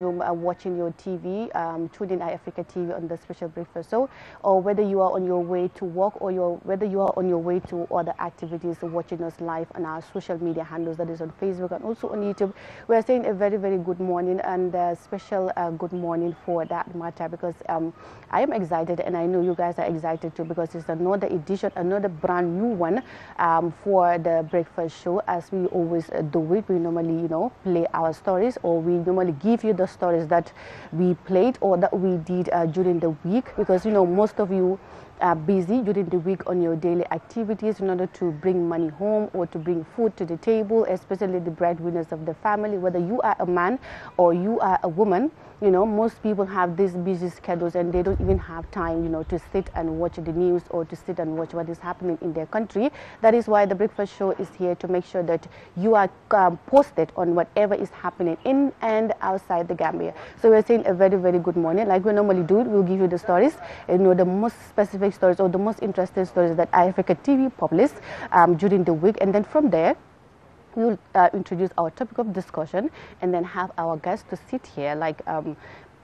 room uh, watching your TV, um, tuning in Africa TV on the special breakfast show, or whether you are on your way to work or your, whether you are on your way to other activities, watching us live on our social media handles, that is on Facebook and also on YouTube. We are saying a very, very good morning and a special uh, good morning for that matter because um, I am excited and I know you guys are excited too because it's another edition, another brand new one um, for the breakfast show as we always uh, do it. We normally, you know, play our stories or we normally give you the stories that we played or that we did uh, during the week because you know most of you uh, busy during the week on your daily activities in order to bring money home or to bring food to the table, especially the breadwinners of the family, whether you are a man or you are a woman. You know, most people have these busy schedules and they don't even have time, you know, to sit and watch the news or to sit and watch what is happening in their country. That is why the Breakfast Show is here to make sure that you are um, posted on whatever is happening in and outside the Gambia. So we're saying a very, very good morning. Like we normally do, we'll give you the stories, you know, the most specific stories or the most interesting stories that Africa TV published um, during the week. And then from there, we will uh, introduce our topic of discussion and then have our guests to sit here like um,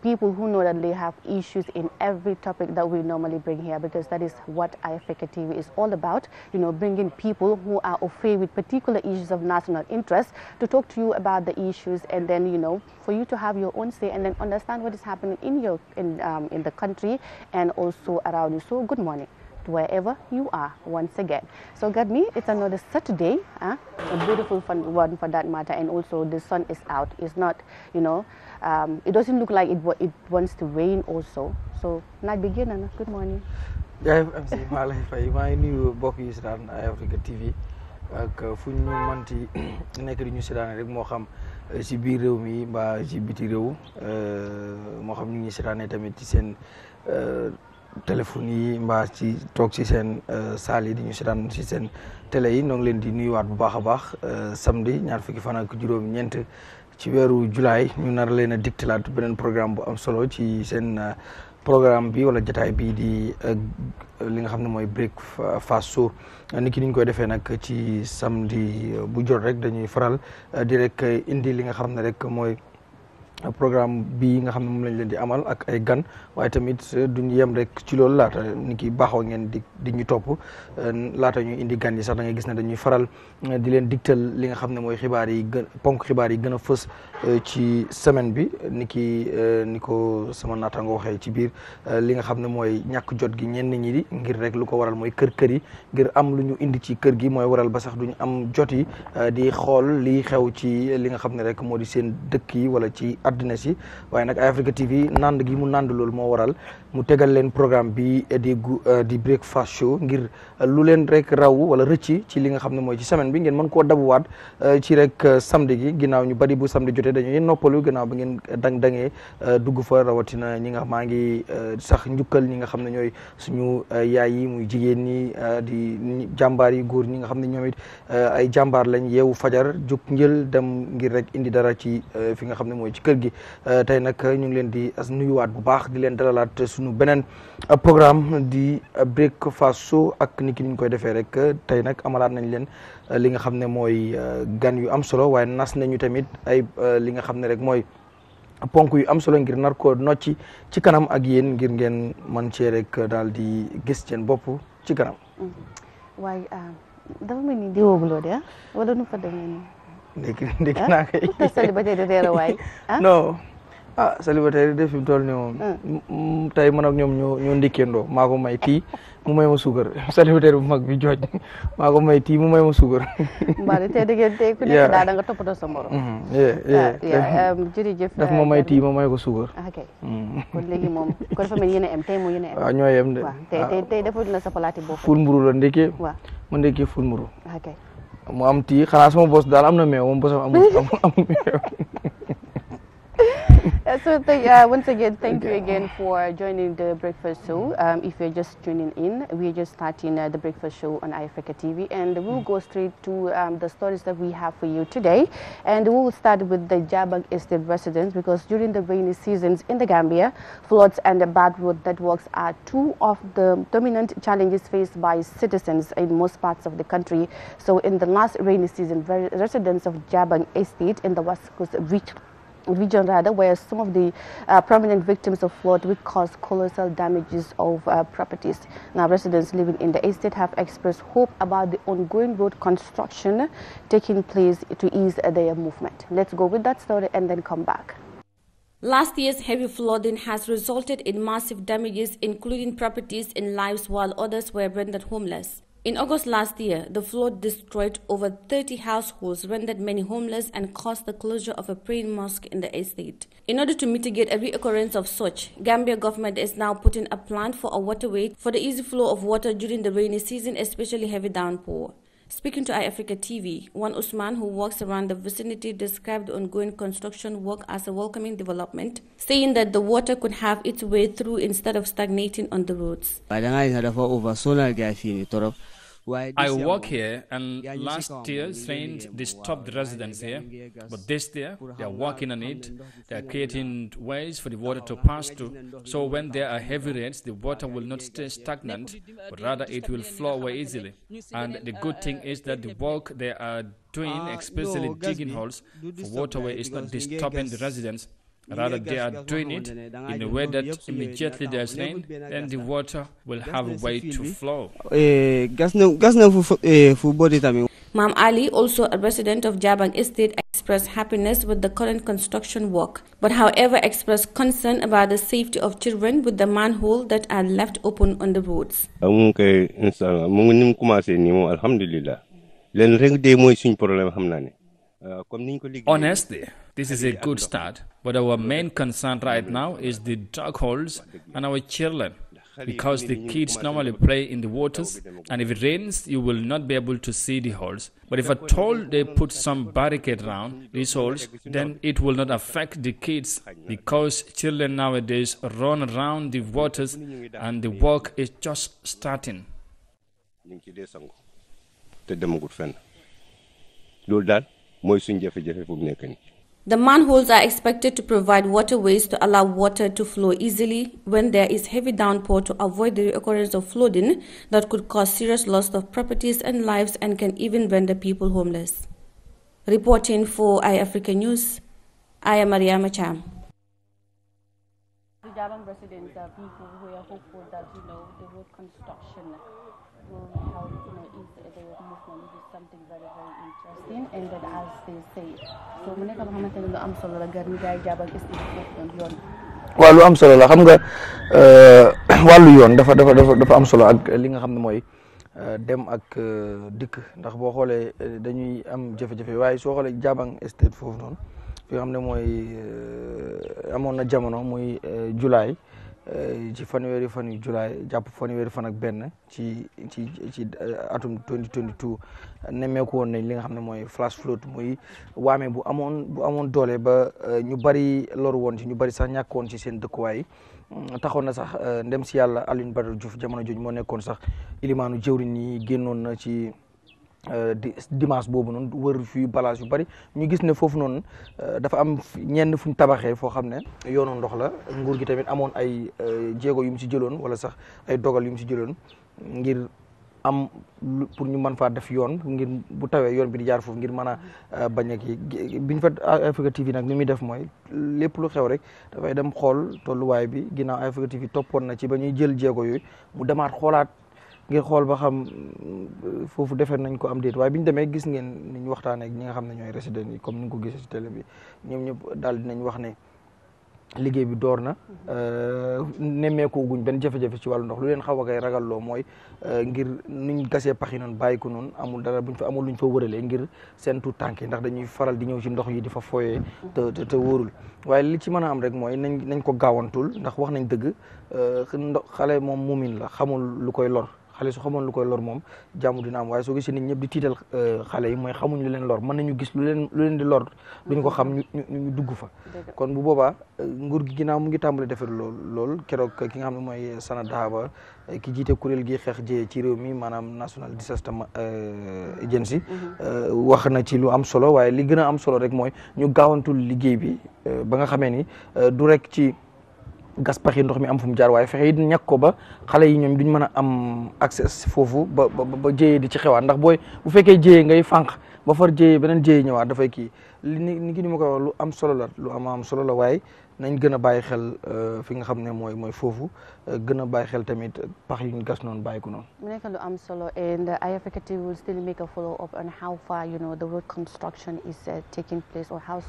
people who know that they have issues in every topic that we normally bring here because that is what IFK TV is all about, you know, bringing people who are afraid with particular issues of national interest to talk to you about the issues and then, you know, for you to have your own say and then understand what is happening in your in, um, in the country and also around you. So good morning wherever you are once again. So me it's another Saturday, huh? a beautiful fun one for that matter, and also the sun is out. It's not, you know, Um, it doesn't look like it, it wants to rain also so na bi génn na good morning. jaajëf MC maa lay fay maa ngi nuyu mbokk yi si daan Eye uh, Africa TV ak uh, fu ñu manti nekk di ñu si rek moo xam si uh, biir réew mi mbaa si biti réew moo xam ñu ngi si tamit ci seen téléphone yi mbaa ci toog ci seen saal yi di ñu si daan seen télé yi ñoo ngi leen di nuyuwaat bu baax a baax samedi ñaar fukki fan ak juróom-ñeent. ci weeru julaay ñu na leen a diktilaat beneen programme bu am solo ci seen euh, programme bi wala jataay bi di euh, li nga xam ne mooy breakfast show ni ki niñ koy defee nag ci samedi bu jot rek dañuy faral euh, di rek indi li nga xam ne rek mooy program bi nga xamne mom lañ leen di amal ak ay gan waye tamit eh, duñ yem rek ci lool laata ni ki baaxoo ngeen di di ñu top eh, laata ñu indi gan yi sax da ngay gis ne dañuy faral eh, di leen diktal li nga xamne moy xibaar yi ponk xibaar yi gëna fess ci semaine bi ni ki ni ko sama naataango waxe ci biir li nga xamne moy ñak jot gi ñen ñi di ngir rek luko waral moy kër kër yi ngir am lu ñu indi ci kër gi moy waral ba sax duñ am jot yi di xol li xew ci li nga xamne rek modi seen dëkk yi wala ci àddina si waaye nag Eye Africa TV nànd gi mu nànd loolu moo waral mu tégal leen programme bi eh, di eh, di breakfast show ngir eh, lu leen rek raw wala recc ci li nga xamne moy ci semaine bi ngeen mën dabu dabuwaat ci rek samedi gi ginaaw ñu bari bu samedi jotee dañuy noppalu ginaaw bi ngeen dang dangé dugg fa rawatina ñi nga maangi nyukel sax njukkal ñi nga xamne ñoy suñu yaay yi muy jigeen ni di jambari yi goor ñi nga xamne ñomit ay jambar lañ yewu fajar juk njël dem ngir rek indi dara ci fi nga xamne moy ci kër gi tay nak ñu ngi leen di as wat bu baax di leen dalalaat suñu beneen euh, programme di euh, breakfast show ak ni ki koy defee rek euh, tey nag amalaat nañ leen li nga xam ne mooy gan yu am solo waaye nas nañu tamit ay li nga xam ne rek mooy ponk yu am solo ngir nar ko nocci ci kanam ak yéen ngir ngeen man cee daal di gis ceen bopp ci kanam. Mm-hmm. waaye ah, dafa mel ni diwooguloo de ah, wala nu fa demee nii. ndekki ndekki naa koy. Ah, non. ah célibataire de fi mu toll moom. Hmm. tey man ak ñoom ñoo ñoo ndékkeendoo maa may tii mu may ma suukar célibataire bu mag bi jooj maa ko may tii mu may ma suukar. Mbadé mm-hmm. ah, um, daf ma may um, tii ma may ko suukar. Ah, mm. a em tey ah, de. waaw sa palaati ful mburu la ndékkee. waaw ma ndékkee ful mburu. ok mu am tii xanaa sama bos daal am na meew moom bosam amul amul meew. so uh, once again, thank okay. you again for joining the Breakfast Show. Um, if you're just tuning in, we're just starting uh, the Breakfast Show on iAfrica TV and we'll go straight to um, the stories that we have for you today. And we'll start with the Jabang Estate residents because during the rainy seasons in the Gambia, floods and bad road networks are two of the dominant challenges faced by citizens in most parts of the country. So in the last rainy season, residents of Jabang Estate in the West Coast reached region rather, where some of the uh, prominent victims of flood would cause colossal damages of uh, properties. Now, residents living in the estate have expressed hope about the ongoing road construction taking place to ease their movement. Let's go with that story and then come back. Last year's heavy flooding has resulted in massive damages, including properties and lives, while others were rendered homeless. In August last year, the flood destroyed over 30 households, rendered many homeless, and caused the closure of a praying mosque in the estate. In order to mitigate a reoccurrence of such, Gambia government is now putting a plan for a waterway for the easy flow of water during the rainy season, especially heavy downpour. Speaking to iAfrica TV, one Usman who walks around the vicinity described ongoing construction work as a welcoming development, saying that the water could have its way through instead of stagnating on the roads. I work here, and last year rains disturbed residents here, but this year they are working on it. They are creating ways for the water to pass through, so when there are heavy rains, the water will not stay stagnant, but rather it will flow away easily. And the good thing uh, is that the work they are doing, ah, especially digging holes for waterway, is not disturbing the residents. Rather, they are doing it in a way that immediately there's rain, then the water will have a way to flow. Mam Ali, also a resident of Jabang Estate, expressed happiness with the current construction work, but however expressed concern about the safety of children with the manhole that are left open on the roads. Eh, Honestly, this is a good start but our main concern right now is the dog holes and our children because the kids normally play in the waters and if it rains you will not be able to see the holes but if at all they put some barricade around these holes then it will not affect the kids because children nowadays run around the waters and the work is just starting the manholes are expected to provide waterways to allow water to flow easily when there is heavy downpour to avoid the occurrence of flooding that could cause serious loss of properties and lives and can even render people homeless. Reporting for iAfrica News, I am Mariama Cham. The residents are people who are hopeful that you know the road construction will help Palestine ended loo am solo xam nga euh, wàllu yoon dafa dafa dafa am solo ak li nga xam ne mooy euh, dem ak euh, dikk ndax boo xoolee dañuy am jafe-jafe waaye soo xoolee Jabang Estate foofu noonu fi xam ne mooy amoon na jamono muy julaay Euh, ci fanweeri fan yu jàpp fanweeri fan ak benn ci ci ci euh, atum 2022 nemmeeku woon nañ li nga xam ne mooy flash flood mooy waame bu amoon bu amoon doole ba euh, ñu bari loru woon ci ñu bari sax ñàkk woon ci seen dëkkuwaay mm, taxoon na sax ndem si yàlla Alioune Badara Diouf jamono jooju moo nekkoon sax ilimaanu jëwriñ yi génnoon na ci. Euh, dimanche boobu noonu wër fii balaas yu bari ñu gis ne foofu noonu euh, dafa am ñenn fu ñu tabaxee foo xam ne yoonu ndox la nguur gi tamit amoon ay euh, jéego yu mu si jëloon wala sax ay dogal yu mu si jëloon ngir am pour ñu mën faa def yoon ngir bu tawee yoon bi di jaar foofu ngir mën a bañ a kii bi fa Africa TV nag ni muy def mooy lépp lu xew rek dafay dem xool tolluwaay bi ginnaaw Africa TV toppoon na ci ba ñuy jël jéego yooyu mu demaat xoolaat. ngir xool ba xam euh, foofu defee nañ ko am déet waaye bi ñu demee gis ngeen ni ñu waxtaanee ak ñi nga xam ne ñooy résident yi comme ni ko gisee ci télé bi ñoom ñëpp daal dinañ wax ne liggéey bi door na euh, nemmeeku guñ benn jafe-jafe wàllu ndox lu leen xaw a koy ragalloo mooy euh, ngir niñ gasee paxi noonu bàyyi ko noonu amul dara buñ fa amul luñ fa wëralee ngir seen tuut tànk dañuy faral di ñëw ci ndox yi di fa te te waaye li ci mën a am rek mooy nañ nañ ko gaawantul ndax wax nañ dëgg ndox xale moom mumin la xamul lu koy lor xale su xamoon lu koy lor moom jàmm dina am waaye soo gisee nit ñëpp di tiital bu boobaa euh, nguur gi ginnaaw mu ngi tàmbali defar lool lool keroog ki nga xam ne mooy Sana Dahaba euh, ki jiite kuréel gi xeex jiyee ci réew mi maanaam National mm-hmm. Disaster euh, Agency mm-hmm. wax na ci lu am solo waaye li gën a am solo rek mooy ñu gaawantul liggéey bi ba xamee ni du rek ci gas paxi ndox mi am fu jaar waaye fexe it ñàkk ba xale yi ñoom duñ mën a am accès foofu ba ba ba jéyee di ci xewaat ndax booy bu fekkee jéyee ngay fànq ba far jéyee beneen jéyee ñëwaat dafay kii li ni ni ki ni ma ko wax lu am solo la lu am am solo la waaye nañ gën a bàyyi xel euh, fi nga xam ne mooy mooy foofu euh, gën a bàyyi xel tamit pax yi ñu gas noonu bàyyi ko noonu. mu nekk lu am solo and IFAKT will still make a follow up on how far you know the road construction is uh, taking place or how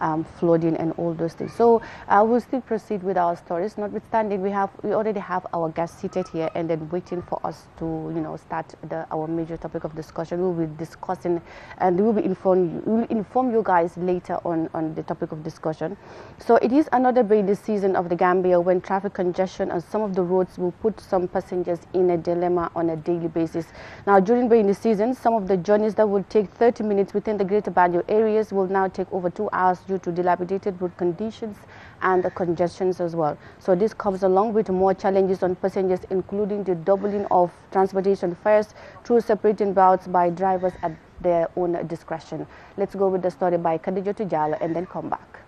um, flooding and all those things. So uh, we'll still proceed with our stories, notwithstanding we have we already have our guests seated here and then waiting for us to you know start the, our major topic of discussion. We'll be discussing and we'll be inform you, we'll inform you guys later on on the topic of discussion. So it is another rainy season of the Gambia when traffic congestion on some of the roads will put some passengers in a dilemma on a daily basis. Now during rainy season, some of the journeys that would take 30 minutes within the Greater Banjo areas will now take over two hours due to dilapidated road conditions and the congestions as well. So this comes along with more challenges on passengers, including the doubling of transportation fares through separating routes by drivers at their own discretion. Let's go with the story by Khadija Tujala and then come back.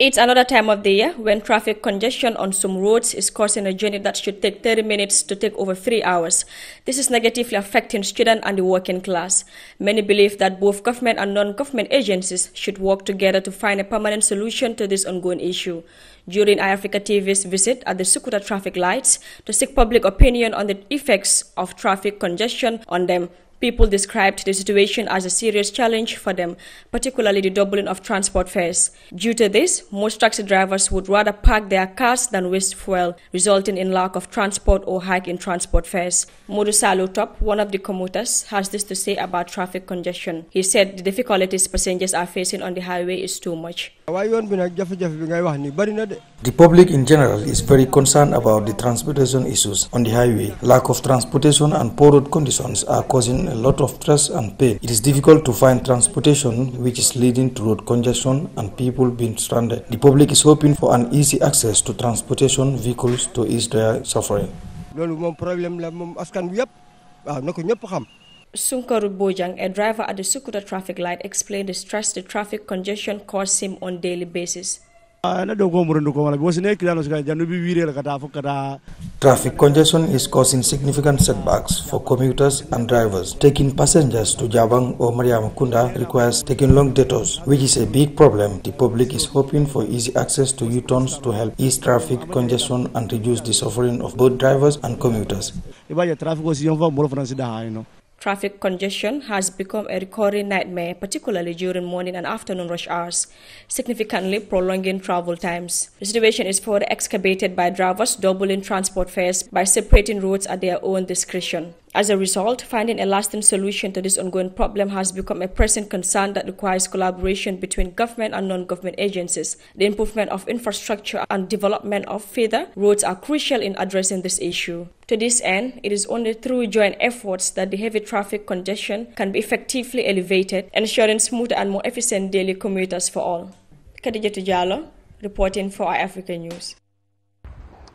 It's another time of the year when traffic congestion on some roads is causing a journey that should take 30 minutes to take over three hours. This is negatively affecting students and the working class. Many believe that both government and non-government agencies should work together to find a permanent solution to this ongoing issue. During iAfrica TV's visit at the Sukuta traffic lights to seek public opinion on the effects of traffic congestion on them, People described the situation as a serious challenge for them, particularly the doubling of transport fares. Due to this, most taxi drivers would rather park their cars than waste fuel, resulting in lack of transport or hike in transport fares. Modu Salutop, one of the commuters, has this to say about traffic congestion. He said the difficulties passengers are facing on the highway is too much. The public in general is very concerned about the transportation issues on the highway. Lack of transportation and poor road conditions are causing a lot of stress and pain. It is difficult to find transportation which is leading to road congestion and people being stranded. The public is hoping for an easy access to transportation vehicles to ease their suffering. loolu moom problème la moom askan wi yëpp waaw na ko Sunkaru Bojang, a driver at the Sukuta traffic light, explained the stress the traffic congestion caused him on daily basis. Ah, traffic congestion is causing significant setbacks for commuters and drivers. Taking passengers to Jabang or Mariamukunda requires taking long detours, which is a big problem. The public is hoping for easy access to U-turns to help ease traffic congestion and reduce the suffering of both drivers and commuters. traffic was Traffic congestion has become a recurring nightmare, particularly during morning and afternoon rush hours, significantly prolonging travel times. The situation is further exacerbated by drivers doubling transport fares by separating routes at their own discretion. As a result, finding a lasting solution to this ongoing problem has become a pressing concern that requires collaboration between government and non-government agencies. The improvement of infrastructure and development of feeder roads are crucial in addressing this issue. To this end, it is only through joint efforts that the heavy traffic congestion can be effectively elevated, ensuring smoother and more efficient daily commuters for all. Khadija Tujalo, reporting for Africa News.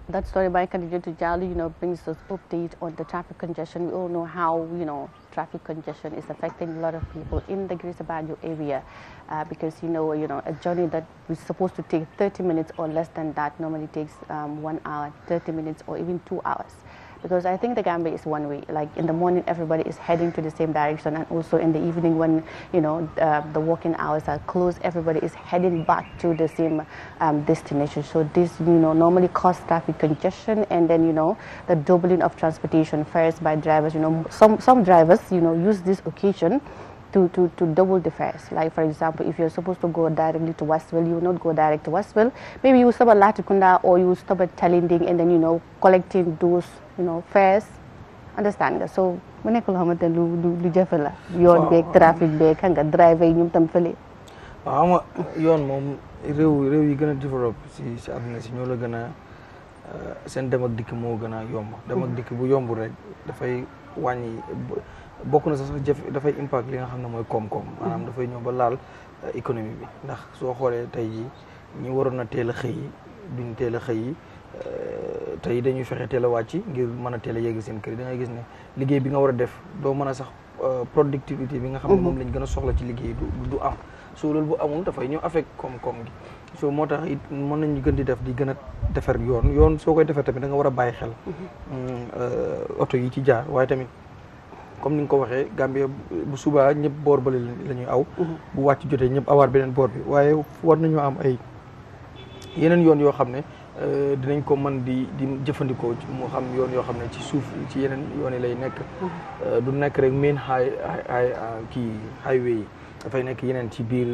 That story by Kandida Tujali, you know, brings us update on the traffic congestion. We all know how, you know, traffic congestion is affecting a lot of people in the Greater Banjo area uh, because, you know, you know, a journey that was supposed to take 30 minutes or less than that normally takes um, one hour, 30 minutes or even two hours because I think the Gambia is one way. Like in the morning, everybody is heading to the same direction, and also in the evening when you know uh, the working hours are closed, everybody is heading back to the same um, destination. So this you know normally causes traffic congestion, and then you know the doubling of transportation fares by drivers. You know some some drivers you know use this occasion to, to, to double the fares. Like, for example, if you're supposed to go directly to Westville, you will not go direct to Westville. Maybe you stop at Latikunda or you stop at Talinding and then, you know, collecting those you fees understand nga so mu nekk loo xamante ne lu lu jafe la. yoon beeg trafic beeg xam nga driver yi ñoom tam fële. yoon moom réew réew yi gën a développé si si na si ñoo la gën a euh, seen dem dikk moo gën a yomb. dem dikk bu yombul rek dafay wàññi bokk na sa sa jafe dafay impact li nga xam ne mooy koom-koom. maanaam dafay ñëw ba laal euh, économie bi ndax soo xoolee tey jii ñi waroon na teel a xëy duñ teel a xëy. Euh, tey dañuy fexe teel a wàcc ngir mën a teel a yegg seen këri yi gis ne liggéey bi nga war a def doo mën a sax euh, productivité bi nga xam ne mhm. moom lañ gën a soxla ci liggéey du du am soo loolu bu amul dafay ñëw affect koom-koom gi soo moo tax it mën nañu gën di def di gën a defar yoon yoon soo koy defar tamit da nga war a bàyyi xel mhm. mm, euh, oto yi ci jaar waaye tamit comme ni nga ko waxee Gambia bu subaa ñëpp boor bale la ñuy aw mhm. bu wàcc jotee ñëpp awaat beneen boor bi waaye war nañoo am ay yeneen yoon yoo xam ne Euh, dinañ ko mën di di jëfandikoo moo xam yoon yoo xam ne ci suuf ci yeneen yoon yi lay nekk. Mhm. Euh, du nekk rek main high euh, kii highway yi dafay nekk yeneen ci biir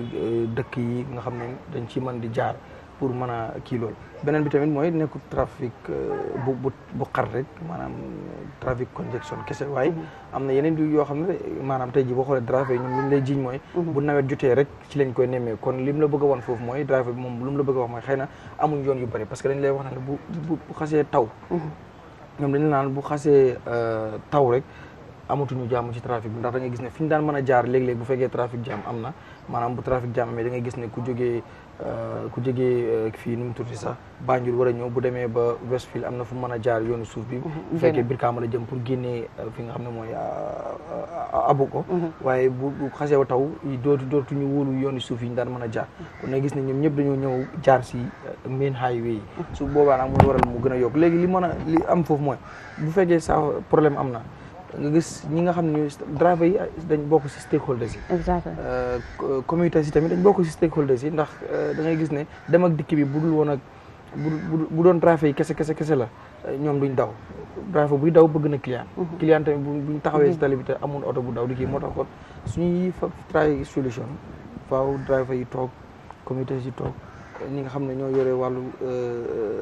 dëkk yi nga xam ne dañ ci mën di jaar pour mën a kii loolu. beneen bi tamit mooy nekku trafic euh, bu bu bu xar rek maanaam euh, trafic congestion kese waaye mhm. am na yeneen yoo xam ne maanaam te ji boo xoolee driver ñoom li lay jiñ mooy mhm. bu nawet jutee rek ci lañ koy nemmee kon li mu la bëgg a foofu mooy driver moom lu mu la bëgg a wax mooy xëy na amuñ yoon yu bëri parce que dañ lay wax bu xasee taw mhm. ñoom dañ naan bu xasee euh, taw rek amatuñu jàmm ci trafic bi ndax da ngay gis ne fi ñu daan mën a jaar léeg-léeg bu fekkee trafic jàmm am na maanaam bu trafic jàmm amee da ngay gis ne ku jógee Euh, ku jógee euh, fii nu mu tudd sax Banjul war a ñëw bu demee ba Westfield am na fu mën a jaar yoonu suuf bi. Mhm, bu fekkee Brikama la jëm pour génnee euh, fi nga xam ne mooy abu ko. Mhm. waaye bu xasee wa taw dootu dootuñu wóolu yoonu suuf yi ñu daan mën a jaar. Mhm. kon nag gis ne ñoom ñëpp dañoo ñëw jaar si main highway yi. su boobaa nag mu waral mu gën a yokk léegi li mën a li am foofu mooy bu fekkee sax problème am na. nga gis ñi nga xam ne driver yi dañ bokk si stakeholders yi. exactement euh, communautés yi tamit dañ bokk si stakeholders yi ndax euh, da ngay gis ne dem ak dikk bi budul woon ak bu doon driver yi kese kese kese la euh, ñoom duñ daw driver buy daw bëgg na client. Mhm. client tamit buñ taxawee si mhm. tali bi te amul oto bu daw di kii moo tax kon suñuy fa try solution faaw driver yi toog communautés yi toog. ñi nga xam ne ñoo yore wàllu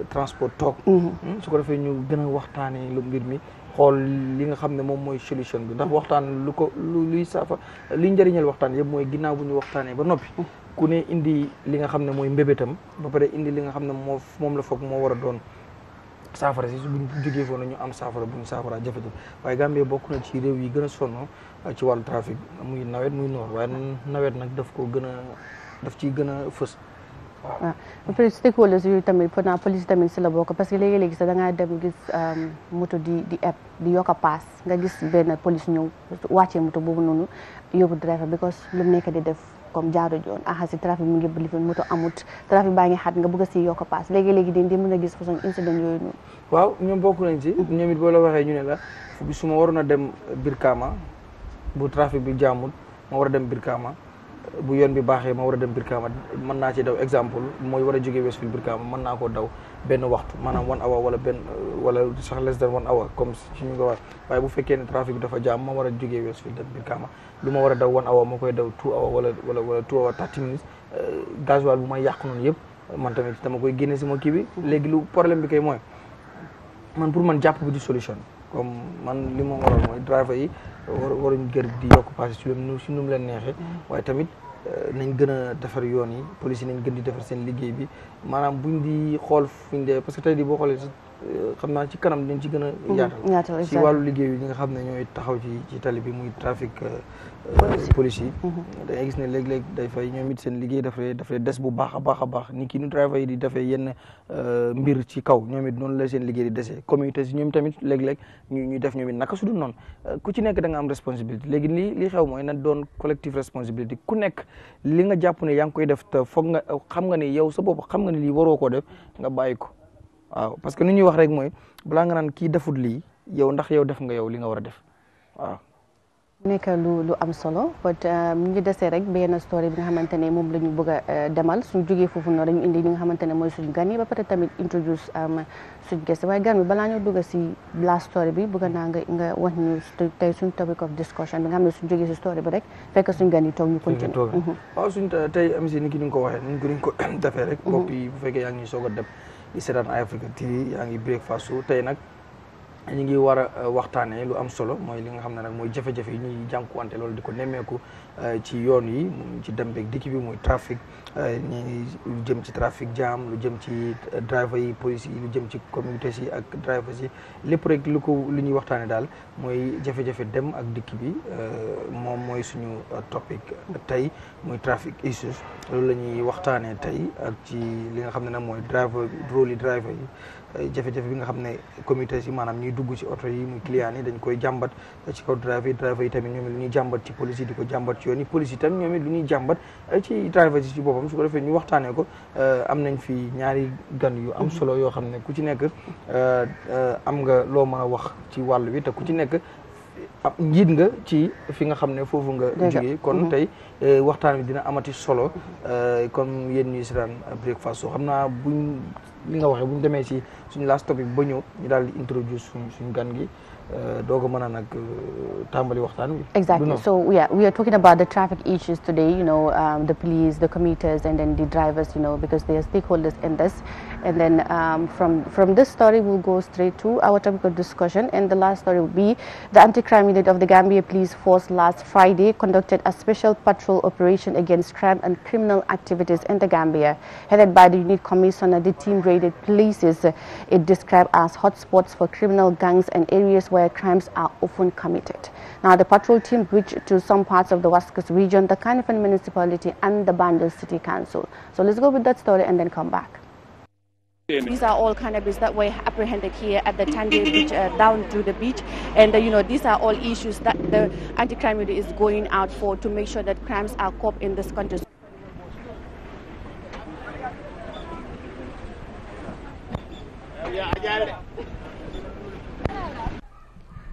transport toog. Mhm. Hmm, su ko defee ñu gën waxtaane waxtaanee lu mbir mi xool li nga xam ne moom mooy solution bi ndax waxtaan lu ko lu luy saafa liy njëriñal waxtaan yëpp mooy ginnaaw bu ñu waxtaanee ba noppi ku ne indi li nga xam ne mooy mbébétam ba pare indi li nga xam ne moo moom la foog moo war a doon saafara si buñ jógee foofu ñu am saafara buñ saafara jafe-jafe bokk na ci réew yi gën a sonn ci wàllu trafic muy nawet muy noor waaye nawet nag daf ko gën a daf ciy gën a fës waaw peut être yooyu tamit foog naa police tamit si la bokk parce que léegi-léegi sax da dem gis um, moto di di di yokk a paas nga gis benn police ñëw wàccee moto boobu noonu yóbbu driver because lu mu nekk di def comme jaaru joon aha si trafic mu ngi bilifin moto amut trafic baa ngi xat nga bëgg a si yokk a paas léegi-léegi dañ di mën a gis façon incident yooyu noonu waaw ñoom bokk nañ ci mm-hmm. ñoom it la waxee ñu ne la bi su ma waroon a dem Brikama bu trafic bi jaamul ma war a dem Brikama bu yoon bi baaxee ma war a dem Brikama mën naa ci daw exemple mooy war a jógee Westfield Brikama mën naa ko daw benn waxtu maanaam one hour wala benn wala sax less than one hour comme si ñu ko wax waaye bu fekkee ne trafic bi dafa jaam ma war a jógee Westfield dem Brikama lu ma war a daw one hour ma koy daw two hour wala wala wala two hour thirty minutes euh, gasoil bu may yàq noonu yëpp man tamit dama koy génne sama kii bi léegi lu problème bi kay mooy man pour man jàpp bi di solution comme man li ma mooy driver yi war waruñ gër di yokk passé ci lu si nu mu leen neexee mm. waaye tamit eh, nañ gën a defar yoon yi police yi nañ gën di defar seen liggéey bi maanaam bu buñ di xool fuñ dee parce que tey di boo xoolee eh, xam naa ci kanam dañ ci gën a mm-hmm. yaatal si wàllu liggéey yi nga xam ne ñooy taxaw ci ci tali bi muy trafic eh, Euh, police yi mhm. da ngay gis ne léeg-léeg day fay seen liggéey dafay dafay des bu baax a baax a baax ni ki ñu travail di euh, kaw ñoom it la seen liggéey di desee communauté si ñoom tamit léeg-léeg ñu ñuy def ñoom it naka su dul noonu euh, ku ci nekk da nga am responsabilité léegi li li xew mooy na doon collective responsabilité ku nekk li nga jàpp ne yaa ngi koy def te foog nga xam nga ne yow sa xam nga ne lii waroo koo def nga bàyyi ko parce que ni ñuy wax rek mooy balaa nga naan kii defut lii yow ndax yow def nga yow li nga war a def waaw nekk lu lu am solo but ñu uh, ngi desee rek benn story bi nga xamante ne moom la ñu bëgg a uh, demal suñ jógee foofu noonu dañu indi li nga xamante ne mooy suñ ba tamit introduce um, suñ geste waaye gan bi balaa ñoo dugg si blast story bi bëgg na nga nga wax ñu tey suñ topic of discussion bi nga xam ne suñ story bi rek fekk suñ gan yi ñu continue mhm. waaw suñ uh, tey am si ni ki ni nga ko waxee ni ko ni ko defee rek mhm. bopp yi bu fekkee yaa ngi soog a dem di Africa TV yaa ngi breakfast ñu ngi war a euh, waxtaanee lu am solo mooy li nga xam ne nag mooy jafe-jafe yi ñuy jànkuwante loolu di ko nemmeeku euh, ci yoon yi ci dem beeg dikk bi muy trafic euh, ñi lu jëm ci trafic jam lu jëm ci driver yi yi lu jëm ci communauté yi ak drivers yi lépp rek lu ko lu ñuy waxtaanee daal mooy jafe dem ak dikk bi moom mooy suñu topic tey mooy trafic issues loolu la ñuy waxtaanee tey ak ci li nga xam ne nag mooy driver rôle yi yi. jafe-jafe bi nga xam ne comité si maanaam ñuy dugg ci oto yi muy client yi dañ koy jàmbat ci kaw driver yi tamit ñoom it ñuy jàmbat ci police yi di ko jàmbat ci yoon yi police yi tamit ñoom it lu ñuy jàmbat eh, ci driver yi ci boppam su ko defee ñu waxtaanee ko eh, am nañ fi ñaari gan yu am mhm. solo yoo xam ne ku ci nekk eh, am nga loo mën wax ci wàll wi ku ci nekk njiit nga ci fi nga xam ne foofu nga jógee kon mhm. tey waxtaan wi dina amati solo comme yéen ñuy si breakfast soo xam naa buñ li nga waxee bu ñu demee si suñu last topic ba ñëw ñu daal di introduce suñu suñu gan gi euh, doog a mën a euh, tàmbali waxtaan bi. exactly so yeah we are talking about the traffic issues today you know um, the police the commuters and then the drivers you know because they are stakeholders in this. And then um, from, from this story, we'll go straight to our topic of discussion. And the last story will be the anti-crime unit of the Gambia Police Force last Friday conducted a special patrol operation against crime and criminal activities in the Gambia. Headed by the unit commissioner, the team raided places it described as hotspots for criminal gangs and areas where crimes are often committed. Now, the patrol team reached to some parts of the Waskas region, the Kanifan municipality and the Bandel City Council. So let's go with that story and then come back. These are all cannabis that were apprehended here at the Tande Beach, uh, down to the beach. And, uh, you know, these are all issues that the anti-crime unit is going out for to make sure that crimes are coped in this country. Yeah, I got it.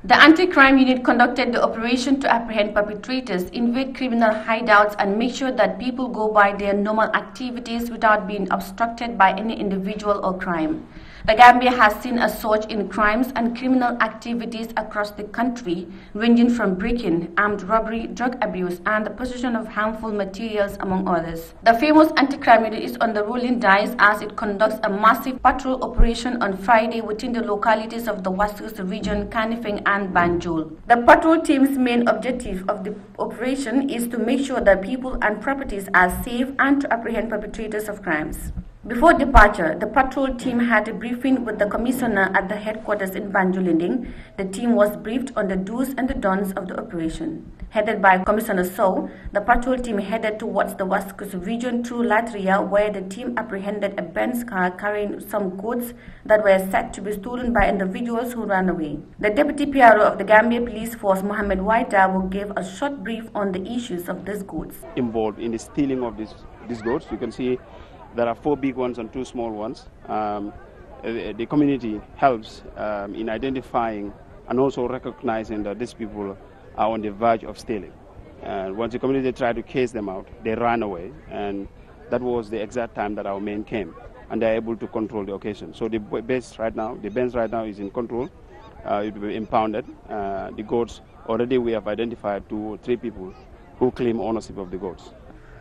The anti-crime unit conducted the operation to apprehend perpetrators, invade criminal hideouts and make sure that people go by their normal activities without being obstructed by any individual or crime. The Gambia has seen a surge in crimes and criminal activities across the country, ranging from breaking, armed robbery, drug abuse, and the possession of harmful materials, among others. The famous anti-crime unit is on the rolling dice as it conducts a massive patrol operation on Friday within the localities of the Wasus region, Kanifing and Banjul. The patrol team's main objective of the operation is to make sure that people and properties are safe and to apprehend perpetrators of crimes. Before departure, the patrol team had a briefing with the commissioner at the headquarters in Banjulinding. The team was briefed on the do's and the don'ts of the operation. Headed by Commissioner So, the patrol team headed towards the Waskus region through Latria, where the team apprehended a Benz car carrying some goods that were said to be stolen by individuals who ran away. The deputy PRO of the Gambia Police Force, Mohamed will give a short brief on the issues of these goods. Involved in the stealing of these goods, you can see there are four big ones and two small ones. Um, the community helps um, in identifying and also recognizing that these people are on the verge of stealing. And once the community tried to chase them out, they ran away. And that was the exact time that our men came. And they're able to control the occasion. So the base right now, the bench right now is in control. Uh, it will be impounded. Uh, the goats, already we have identified two, or three people who claim ownership of the goats.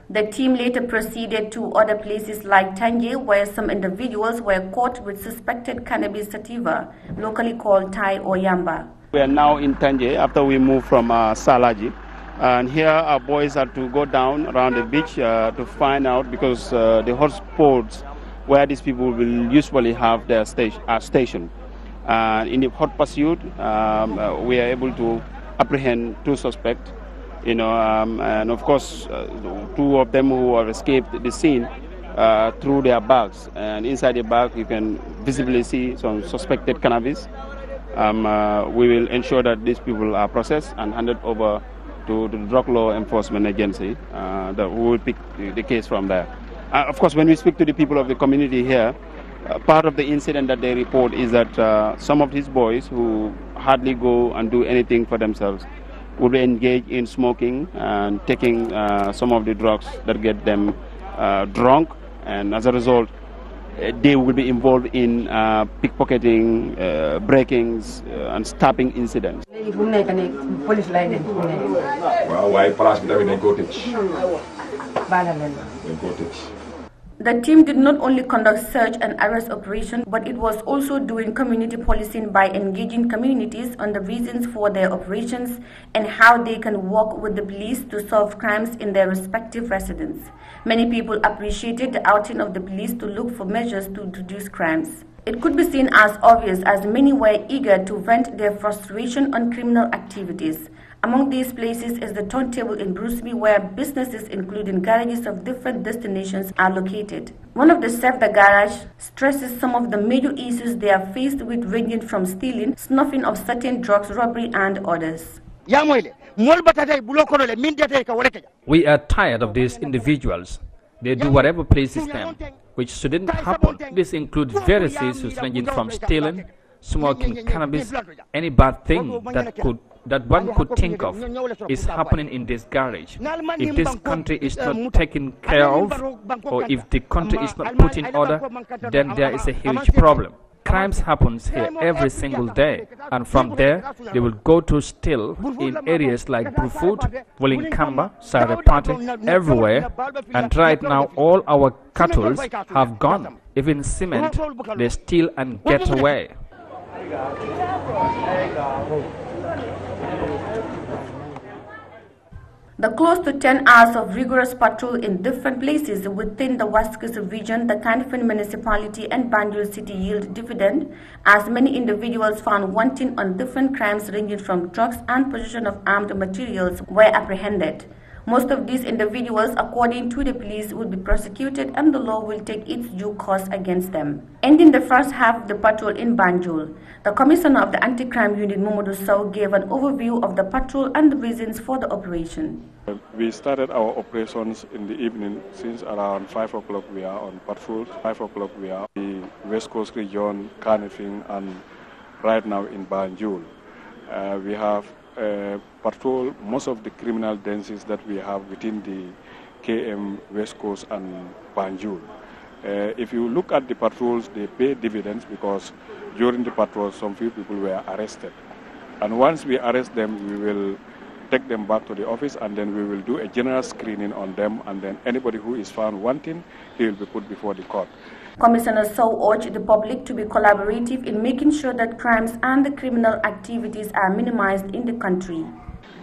The team later proceeded to other places like Tangye, where some individuals were caught with suspected cannabis sativa, locally called Thai or Yamba. We are now in Tangye after we moved from uh, Salaji. And here our boys had to go down around the beach uh, to find out because uh, the hotspots where these people will usually have their uh, station in the hot pursuit, um, uh, we are able to apprehend two suspects you know, um, and of course, uh, two of them who have escaped the scene uh, through their bags. And inside the bag, you can visibly see some suspected cannabis. Um, uh, we will ensure that these people are processed and handed over to, to the Drug Law Enforcement Agency, uh, that we will pick the case from there. Uh, of course, when we speak to the people of the community here, uh, part of the incident that they report is that some of these boys who hardly go and do anything for themselves would engaged in smoking and taking uh, some of the drugs that get them uh, drunk, and as a result, eh, they will be involved in uh, pickpocketing, uh, breakings, uh, and stabbing incidents. Well, why place we tamit dañ the team did not only conduct search and arrest operations, but it was also doing community policing by engaging communities on the reasons for their operations and how they can work with the police to solve crimes in their respective residents. Many people appreciated the outing of the police to look for measures to reduce crimes. It could be seen as obvious as many were eager to vent their frustration on criminal activities. Among these places is the turntable in Bruceby where businesses including garages of different destinations are located. One of the Save the Garage stresses some of the major issues they are faced with ranging from stealing, snuffing of certain drugs, robbery and others. We are tired of these individuals. They do whatever pleases them, which shouldn't happen. This includes various issues ranging from stealing, smoking cannabis, any bad thing that could that one could think of is happening in this garage. If this country is eh, not taken care of, or if the country is not put in order, then there is a huge problem. Crimes happens here every single day, and from there they will go to steal in areas like Brufut, Wulinkamba, Sarepati, everywhere. And right now, all our cattle have gone, even cement. They steal and get away. The close to 10 hours of rigorous patrol in different places within the West region, the Kanfin municipality and Banjul city yield dividend as many individuals found wanting on different crimes ranging from drugs and possession of armed materials were apprehended. Most of these individuals, according to the police, will be prosecuted and the law will take its due course against them. Ending the first half of the patrol in Banjul, the Commissioner of the Anti-Crime Unit, Momodu Sow, gave an overview of the patrol and the reasons for the operation. We started our operations in the evening since around 5 o'clock we are on patrol. 5 o'clock we are in the West Coast region, Carnifing and right now in Banjul. Uh, we have uh, patrol most of the criminal densities that we have within the KM West Coast and Banjul. Uh, if you look at the patrols, they pay dividends because during the patrols, some few people were arrested. And once we arrest them, we will take them back to the office and then we will do a general screening on them. And then anybody who is found wanting, he will be put before the court. Commissioner So urged the public to be collaborative in making sure that crimes and the criminal activities are minimized in the country.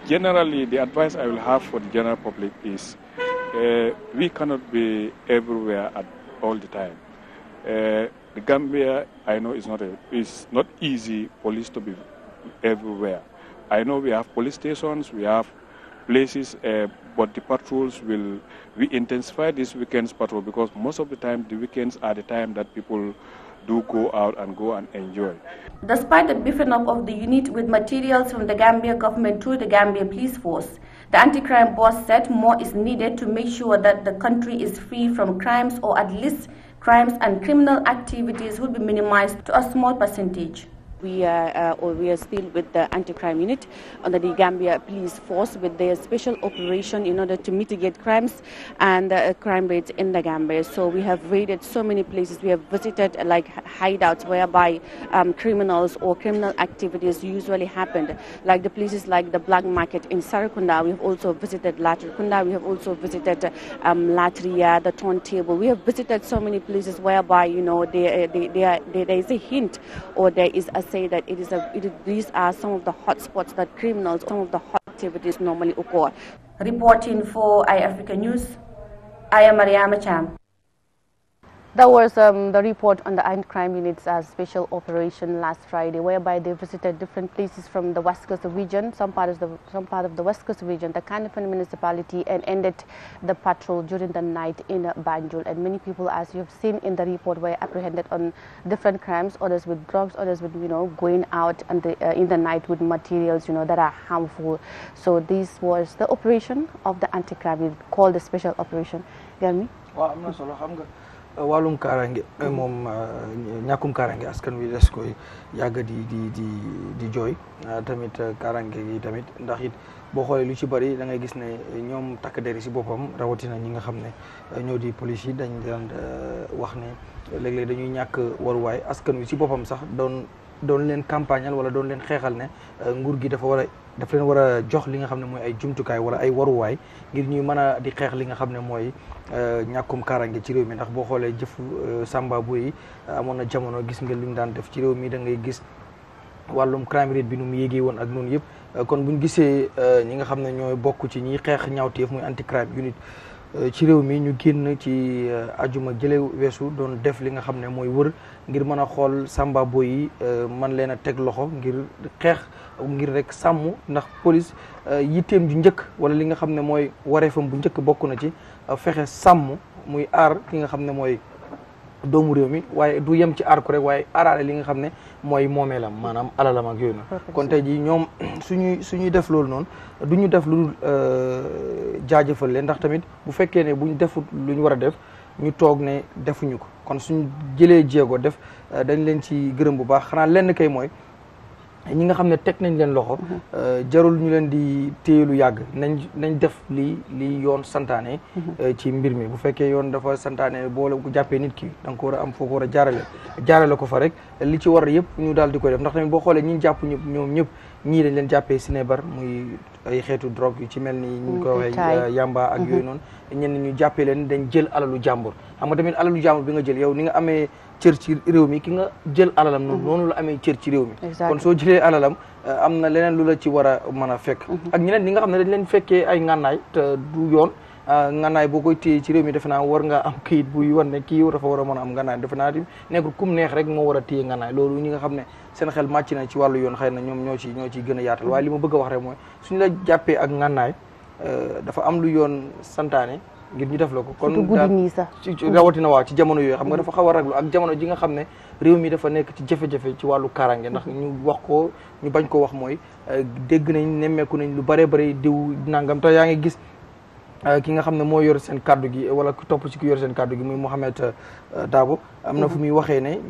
Generally, the advice I will have for the general public is uh, we cannot be everywhere at all the time. Uh, the Gambia, I know, is not, a, is not easy police to be everywhere. I know we have police stations, we have places, uh, but the patrols will, we intensify this weekends patrol because most of the time the weekends are the time that people do go out and go and enjoy. Despite the beefing up of the unit with materials from the Gambia government to the Gambia police force, the anti-crime boss said more is needed to make sure that the country is free from crimes or at least crimes and criminal activities will be minimized to a small percentage we are, uh, uh, or we are still with the anti-crime unit under the Gambia Police Force with their special operation in order to mitigate crimes and uh, crime rates in the Gambia. So we have raided so many places. We have visited like hideouts whereby um, criminals or criminal activities usually happened, like the places like the black market in Sarakunda. We have also visited Latrikunda. We have also visited um, Latria, the turntable. We have visited so many places whereby you know there, there, there, there is a hint or there is a say that it is a, it, these are some of the hotspots that criminals, some of the hot activities normally occur. Reporting for iAfrica News, I am Mariama Cham. That was um, the report on the anti-crime unit's uh, special operation last Friday, whereby they visited different places from the West Coast region, some part of the some part of the West Coast region, the Kanifan municipality, and ended the patrol during the night in Banjul. And many people, as you've seen in the report, were apprehended on different crimes, others with drugs, others with you know going out and the, uh, in the night with materials you know that are harmful. So this was the operation of the anti-crime unit called the special operation. Get me? wàllum kaaraange euh, moom euh, ñàkkum kaaraange askan wi des koy yàgg di di di di jooy euh, tamit kaaraange gi tamit ndax it boo xoolee lu ci bari da ngay gis ne ñoom takk deri si boppam rawatina ñi nga xam ne ñoo di police yi dañ daan wax ne léeg-léeg dañuy ñàkk waruwaay askan wi si boppam sax doon leen campagnal wala doon leen xeexal ne euh, nguur gi dafa war a daf leen war a jox li nga xam ne mooy ay jumtukaay wala ay waruwaay ngir ñuy mën a di xeex li nga xam ne mooy euh, ñàkkum kaaraange ci réew mi ndax boo xoolee jëfu euh, Samba Boy yi amoon na jamono gis nga li mu daan def ci réew mi da ngay gis wàllum crime rate bi nu mu yéegee woon ak noonu yëpp kon bu buñ gisee ñi nga xam ne ñooy bokk ci ñiy xeex ñaawteef muy anti crime unit ci réew mi ñu génn ci euh, ajuma jële weesu doon def li nga xam ne mooy wër ngir mën a xool samba boy yi euh, man leen a teg loxo ngir xeex ngir rek sàmm ndax police euh, yitteem ju njëkk wala li nga xam ne mooy wareefam bu njëkk bokk na ci fexe sàmm muy aar ki nga xam ne mooy doomu réew mi waaye du yem ci aar ko rek waaye araale li nga xam ne mooy moomeelam maanaam alalam ak yooyu noonu kon tey jii ñoom suñuy suñuy def loolu noonu du ñu def lu euh, jaajëfal leen ndax tamit bu fekkee ne bu ñu defut lu ñu war a def ñu toog ne defuñu ko kon suñu jëlee jéego def euh, dañ leen ci gërëm bu baax xanaa lenn kay mooy ñi nga xam ne teg nañ leen loxo mhm. euh, jarul ñu leen di téye lu yàgg nañ nañ def li li yoon santaane mhm. euh, ci mbir mi bu fekkee yoon dafa santaane boo la ko jàppee nit ki da ko war a am foo ko war a jaarale jaarale ko fa rek li ci war yëpp ñu daal di ko def ndax tamit boo xoolee ñi jàpp ñëpp ñoom ñëpp ñii dañ leen jàppee sinébar muy ay xeetu drogue yu ci mel ni ñu ko waxee euh, yamba ak mhm. yooyu noonu ñenn ñu jàppee leen dañ jël alalu jàmbur xam nga tamit alalu jàmbur bi nga jël yow ni nga amee cër ci réew mi ki nga jël alalam noonu mhm. noonu la amee cër ci réew mi kon soo jëlee alalam euh, am na leneen lu la ci war a mën a fekk mhm. ak ñeneen ñi nga xam ne dañ leen fekkee ay ngànnaay te du yoon euh, ngànnaay boo koy téye ci réew mi defe naa war nga am kayit bu wan ne kii dafa war a mën a am ngànnaay defe naa nekkul kum neex rek moo war a téye loolu ñi nga xam ne seen màcc na ci wàllu yoon xëy na ñoom ñoo ci ñoo ciy gën a yaatal mhm. waaye li ma bëgg a wax rek mooy suñu la jàppee ak ngànnaay euh, dafa am lu yoon santaane ngir ñu def la ko kon guddi nii sax rawatina waaw ci jamono yooyu xam nga dafa xaw a raglu ak jamono ji nga xam ne réew mi dafa nekk ci jafe-jafe ci wàllu kaaraange ndax ñu wax ko ñu bañ ko wax mooy euh, dégg nañ nemmeeku nañ lu bare bare diw nangam te yaa ngi gis euh, ki nga xam ne moo yor seen kàddu gi wala ku topp ci ki yor seen kàddu gi muy Mouhamed euh, Dabo am na fu mhm. muy waxee ne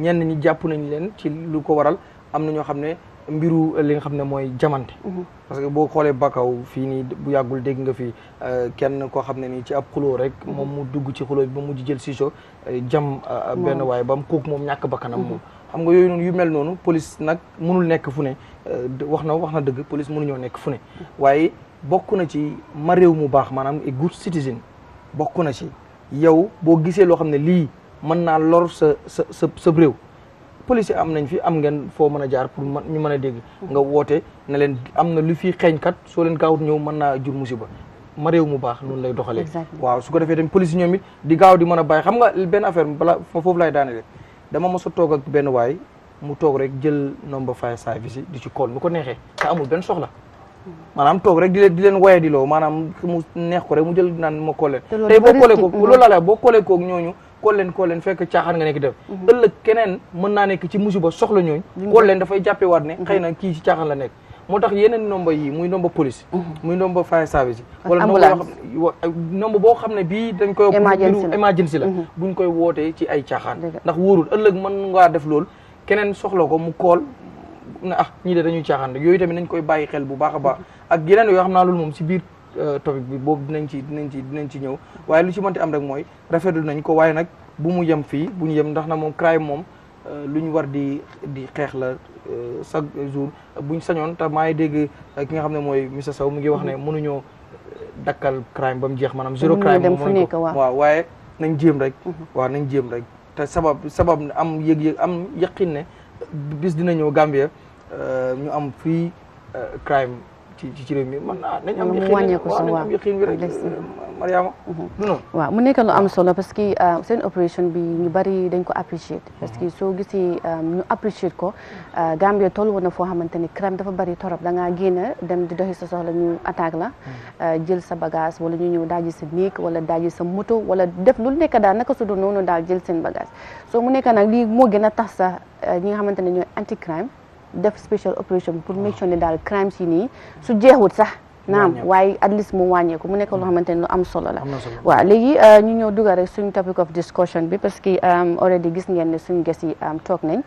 ñenn ñi jàpp nañ leen ci lu ko waral am na ñoo xam ne mbiru li nga xam ne mooy jamante mhm. parce que boo xoolee bakaw fii nii bu yàggul dégg nga fi euh, kenn koo xam ne nii ci ab xuloo rek mhm. moom mu dugg ci xuloo bi ba mujj jël si siso euh, jam euh, benn waaye ba mu kóog moom ñàkk bakkanam mhm. moom xam nga yooyu noonu yu mel noonu police nag mënul nekk fu ne wax na wax na dëgg police mënuñoo nekk fu ne waaye bokk na ci ma réew mu baax maanaam a good citizen bokk na ci yow boo gisee loo xam ne lii mën naa lor sa sa sa sa réew police am nañ fi am ngeen foo mën a jaar pour ñu mën a dégg nga woote ne leen am na lu fi kat soo leen gaawut ñëw mën naa jur musiba ma réew mu baax noonu lay doxalee waaw su ko defee tamit police ñoom di gaaw di man a bàyyi xam nga benn affaire bala foofu lay daane dama mos a toog ak benn waay mu toog rek jël number fire service yi di ci kool nu ko neexee te amul benn soxla maanaam toog rek di leen di leen waye di loo maanaam mu neex ko rek mu jël naan ma koolee tey boo boo koolee koog ñooñu kool leen kool leen fekk caaxaan nga nekk def mhm. ëllëg keneen mën naa nekk ci musiba soxla ñooñ kool leen dafay jàppewaat ne mhm. xëy na kii ci caaxaan la nekk moo tax yeneen nomba yi muy nomba police mhm. muy nomba fire service yi wala nomba boo xam ne bii dañ koy émergency la bu ñu koy wootee ci ay caaxaan ndax wóorul ëllëg mën ngaa def loolu keneen soxla ko mu kool na ah ñii de dañuy caaxaan yooyu tamit nañ koy bàyyi xel bu baax a baax ak yeneen yoo xam naa loolu moom si biir Euh, topic bi boobu dinañ ci dinañ ci dinañ ci ñëw waaye lu ci mënti am rek mooy rafetlu nañ ko waaye nag bu mu yem fii bu ñu yem ndax na moom crime moom euh, lu ñu war di di xeex la euh, chaque jour buñ sañoon te maa ngi dégg ki nga xam ne mooy monsieur Sow mu ngi wax ne mm-hmm. mënuñoo dakkal crime ba mu jeex maanaam zéro crime moom waaw waaye nañ jéem rek mm-hmm. waaw nañ jéem rek te sabab sabab am yëg-yëg am yaqin ne bis dina ñëw Gambia ñu am fii crime ci ci réew mi man ah nañ am yëqiin bi rek Mariama mhm. waaw mu nekk lu am ah. solo parce que euh, seen opération bi ñu bari dañ ko apprécier parce que mhm. soo gisee euh, ñu apprécier ko euh, Gambie toll woon na foo xamante ni crème dafa bari torop da ngaa génn dem di doxi sa soxla ñu attaque la mhm. jël sa bagage wala ñu ñëw daaji sa néeg wala daaji sa moto wala def lu nekk daal naka su dul noonu daal jël seen bagage soo mu nekk nag lii moo gën a tax sax ñi nga xamante ne ñooy anti crime def special operation pour make sure ne dal crimes yi ni su jeexut sax naam waye at least mu ko mu nekk lo hmm. xamanteni lu am solo la wa léegi euh, ñu ñëw dugal rek suñu topic of discussion bi parce que euh, already gis ngeen ne suñu guest yi euh, tok nañ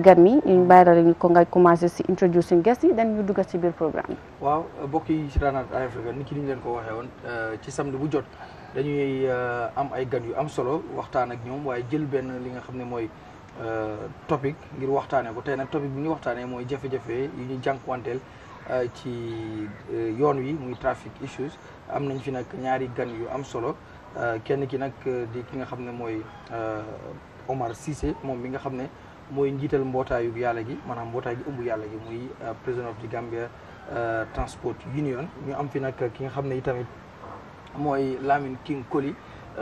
gar mi ñu bayra rek ko nga commencer si introduce suñ yi dañ ñu dugal si bir programme wa bokki ci si Africa ni ki ni ñu leen ko waxee won ci samedi bu jot dañuy am ay gan yu am solo waxtaan ak ñoom waye jël ben li nga xam moy Euh, topic ngir waxtaanee ko tey nag topic bi ñu waxtaanee mooy jafe-jafe yu ñu jànkuwanteel euh, ci euh, yoon wi muy traffic issues am nañ fi nag ñaari gan yu am solo kenn ki nag di ki nga xam ne mooy Omar Cissé moom bi nga xam ne mooy njiital mbootaayu yàlla gi maanaam mbootaay gi ëmb yàlla gi muy président of the Gambia Transport Union ñu am fi nag ki nga xam ne itamit mooy Lamine King Koli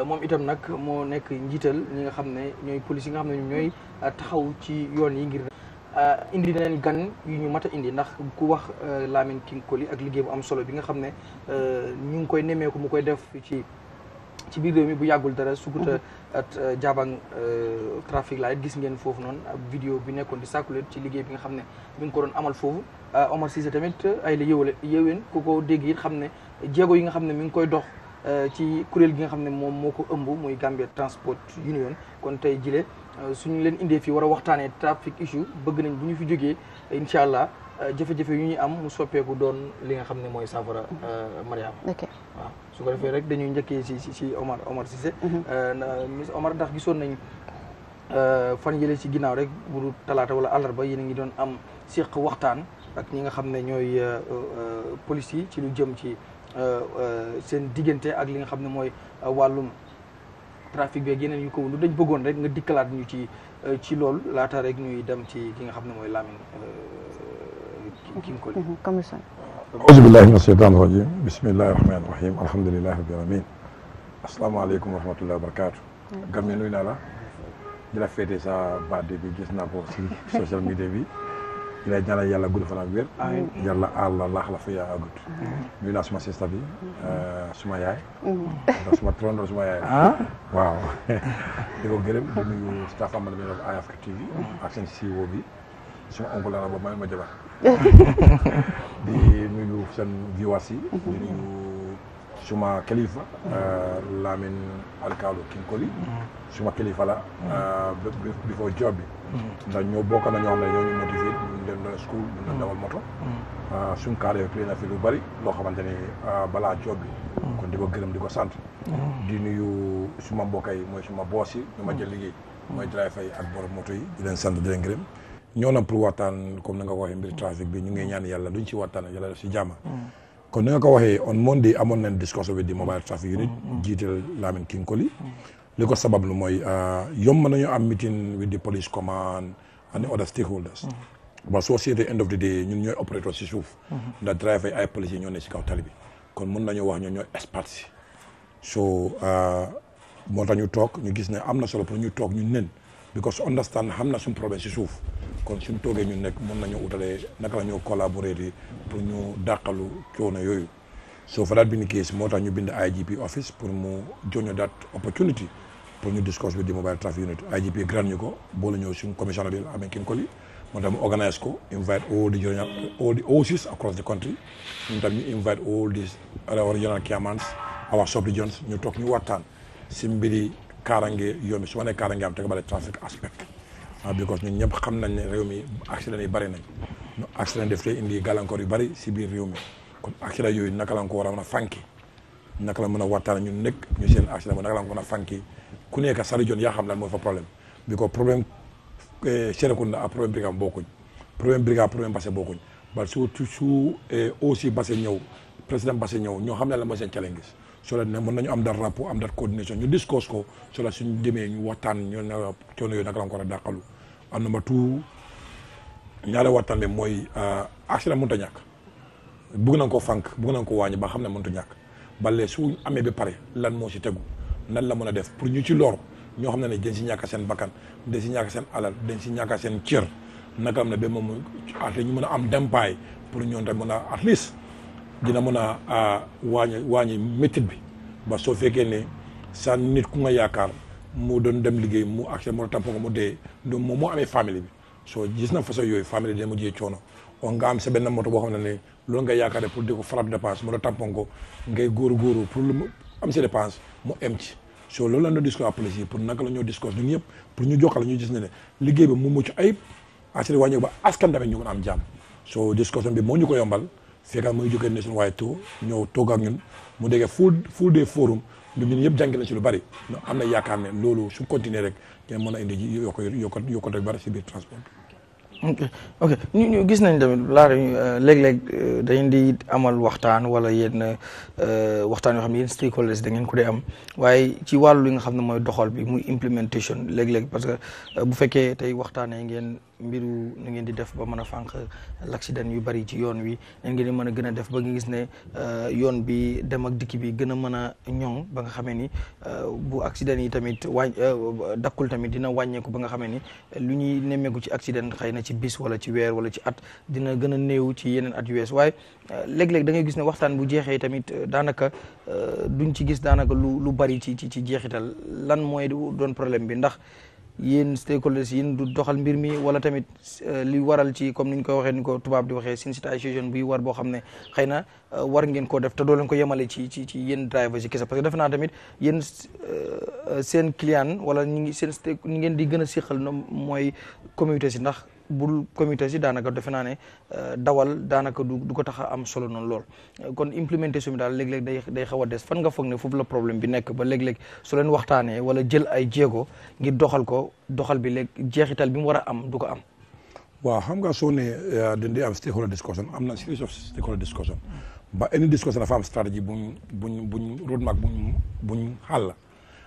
moom itam nag moo nekk njiital ñi nga xam ne ñooy police yi nga xam ne ñoom ñooy euh, taxaw ci yoon yi ngir euh, indi neen gan yu ñu mat indi ndax ku wax euh, Lamine King Koli ak liggéey bu am solo bi nga xam ne ñu ngi koy nemmeeku mu koy def ci ci biir mi bu yàggul dara sukuta mm-hmm. at jaabang trafic light gis ngeen foofu noonu ab vidéo bi nekkoon di sàkkuleet ci liggéey bi nga xam ne ñu ngi ko doon amal foofu Omar Cissé tamit ay la yëwale yëween ku ko dégg it xam ne jéego yi nga xam ne mu ngi koy dox Euh, ci kuréel gi nga xam ne moom moo ko ëmb muy Gambia Transport Union kon tey jile euh, suñu leen indee fii war a waxtaanee traffic issue bëgg nañ bu ñu fi jógee incha allah euh, jafe-jafe yu ñuy am mu soppeeku doon li nga xam ne mooy saafara Mariama waaw su ko defee rek dañuy njëkkee si si si Omar Omar Cissé mhm. Miss Omar ndax gisoon nañ fan yële si ginnaaw rek bu talaata wala àllarba yéen a ngi doon am séq waxtaan ak ñi nga xam ne ñooy police yi ci lu jëm ci Euh, euh, seen diggante ak li nga xam ne mooy euh, wàllum trafic beeg yeneen yu ko wundu dañ bëggoon rek nga dikkalaat ñu ci ci loolu laata rek ñuy dem ci ki nga xam ne mooy ki a Lamine Kinkoli mhm, commission auzu billahi min asheytaan rajim bismillahi rahmani rahim alhamdulilahi rabbil alamin asalaamaaleykum wa rahmatullahi wa barakaatu gam ne nuyu naa la di la féete sa baat bi gis naa ko si social media bi di lay ñaanal yàlla gudd fan ak wér. yàlla la fa yaa agut. nuyu naa suma sista bi. Euh, suma yaay. suma turandoo suma yaay. Ah? waaw di ko gërëm di nuyu staff am na ñu def Eye Africa TV. ak seen e suma oncle la boobu mooy ma jabar. di euh, Kinkoli. suma kilifa la. Euh, before job bi. ndax ñoo bokk na ñoo xam ne ñoo ñu dem na school mun na mm. dawal moto mm. ah, suñ kaar yooyu play na fi lu bari loo xamante ni ah, balaa job bi mm. kon di ko gërëm di ko sant di nuyu suma mbokk yi mooy suma boos yi ñu ma jël liggéey mooy driver yi ak borom moto yi di leen sant di leen gërëm ñoo na pour waxtaan comme ni nga waxee mbiri trafic bi ñu ngi ñaan yàlla duñ ci waxtaan yàlla def si jama, kon ni nga ko waxee on Monday amoon nañ discussion with the mobile traffic unit jiital Lamin Kinkoli li ko sabab lu mooy ah, yomb nañu am meeting with the police command and other stakeholders bon soo seetee end of the day ñun ñooy opérateur si suuf. Mhm. ndax driver ay policiers ñoo ne si kaw tali bi kon mun nañoo wax ñoom ñooy experts so ah, moo tax ñu toog ñu gis ne am na solo pour ñu toog ñu nen because understand xam na suñ problème si suuf kon suñ toogee ñun nekk mun nañu utalee naka la ñu collaborer yi pour ñu dàqalu coono yooyu. so for that being the case moo tax ñu bind IGP office pour mu joño that opportunity pour ñu discuss with the mobile traffic unit IGP grant ñu ko boo ñëw suñu commissioner bi Amin Kinkoli. moo tax mu organise ko invite all the regional across the country ñun tam ñu invite all these regional chairmans our sub-regions ñu toog ñu waxtaan si mbiri kaarange yoon bi su ma nee kaarange am teg bale traffic aspect ah, because ñun ñëpp xam nañ ne réew mi accident yi bëri nañ ñu accident def lay indi gàllankoor yu bari si biir réew mi kon accident yooyu naka lañ ko war a mën a fànki naka la mën a waxtaan ñun nekk ñu seen accident ba naka lañ ko mën a fànki ku nekk sa région yaa xam lan mooy fa problème bi ko problème Serekunda ak problème brigade bokkuñ problème brigade problème Basse bokkuñ bal su su aussi eh, Basse ñëw président Basse ñëw ñoo xam ne la mooy seen challenges so mën nañu am dal rapport am dal coordination ñu discuss ko so la suñu demee ñu waxtaan ñu ne coono yooyu naka la ko a dàqalu am na ma tout ñaare waxtaan mooy ah, accident mënut a ñàkk bugg nañ ko fànk bugg nañ ko wàññi ba xam ne mënut a ñàkk bale su amee ba pare lan moo si tegu nan la mën a def pour ñu ci lor ñoo xam ne ne dañ si ñàkk seen bakkan dañ si ñàkk seen alal dañ si ñàkk seen cër naka am ne ba moom at ñu mën a am dempaay pour ñoon tam mën a at least dina mën a wàññi wàññi métit bi ba soo fekkee ne sa nit ku nga yaakaar mu doon dem liggéey mu accès mu tamp ko mu dee du moom moo amee famille bi soo gis na façon yooyu famille dina mu jee coono o nga am sa benn moto boo xam ne ne loolu nga yaakaare pour di ko farab dépense mu la tampon ko ngay góoru góoru pour lu am si dépense mu em ci so loolu lañ doon discuter appelé pour naka la ñoo discuter ñun ñëpp pour ñu jokkal ñu gis ne ne liggéey bi mu mucc ayib assuré wàññeeku ba askan tamit ñu mën a am jàmm so discussion bi moo ñu ko yombal fekkaat muy jógee nation waaye to ñëw toog ak ñun mu déggee full full day forum lu ñun ñëpp jàngi na ci lu bari am na yaakaar ne loolu su continuer rek ngeen mën a indi ji yokk yokk bari si biir transport ok ok ñu gis nañ tamit laata euh, léeg-léeg euh, dañ di amal waxtaan wala yenn euh, waxtaan yoo xam ne yéen stakeholders da ngeen ko dee am waaye ci wàllu li nga xam ne mooy doxal bi muy implementation léeg-léeg parce que bu fekkee tey waxtaanee ngeen. mbiru nu ngeen di def ba mën a fànq l'accident yu bari ci yoon wi nan ngeen di mën a gën a def ba nga gis ne euh, yoon bi dem ak dikki bi gën a mën a ñoŋ ba nga xamee ni euh, bu accident yi tamit wàñ euh, dakkul tamit dina wàññeeku ba nga xamee ni lu ñuy nemmeeku ci accident xëy na ci bis wala ci weer wala ci at dina gën a néew ci yeneen at yu wees waaye léeg-léeg da ngay gis ne waxtaan bu jeexee tamit daanaka duñ ci gis daanaka lu lu bari ci ci ci jeexital lan mooy doon problème bi ndax yéen stakeholders yéen du doxal mbir mi wala tamit euh, li waral ci comme ni ñu koy waxee ni ko tubaab di waxee seen situation buy war boo xam ne xëy na euh, war ngeen koo def te doo ko yemale ci ci ci yéen drivers yi kese parce que defe naa tamit yéen euh, seen client wala ñu ngi seen stake ngeen di gën a siqal no mooy communauté si ndax bu comité si daanaka defe naa ne euh, dawal daanaka du du ko tax am solo noonu lool kon implémentation bi daal léeg-léeg day day xaw a des fan nga foog ne foofu la problème bi nekk ba léeg-léeg su leen waxtaanee wala jël ay jéego ngir doxal ko doxal bi léeg jeexital bi mu war a am du ko am. waaw xam nga soo ne euh, dañ di am stakeholder discussion am na series of stakeholder discussion ba any discussion dafa am stratégie buñ buñ bu roadmap buñ buñ xàll.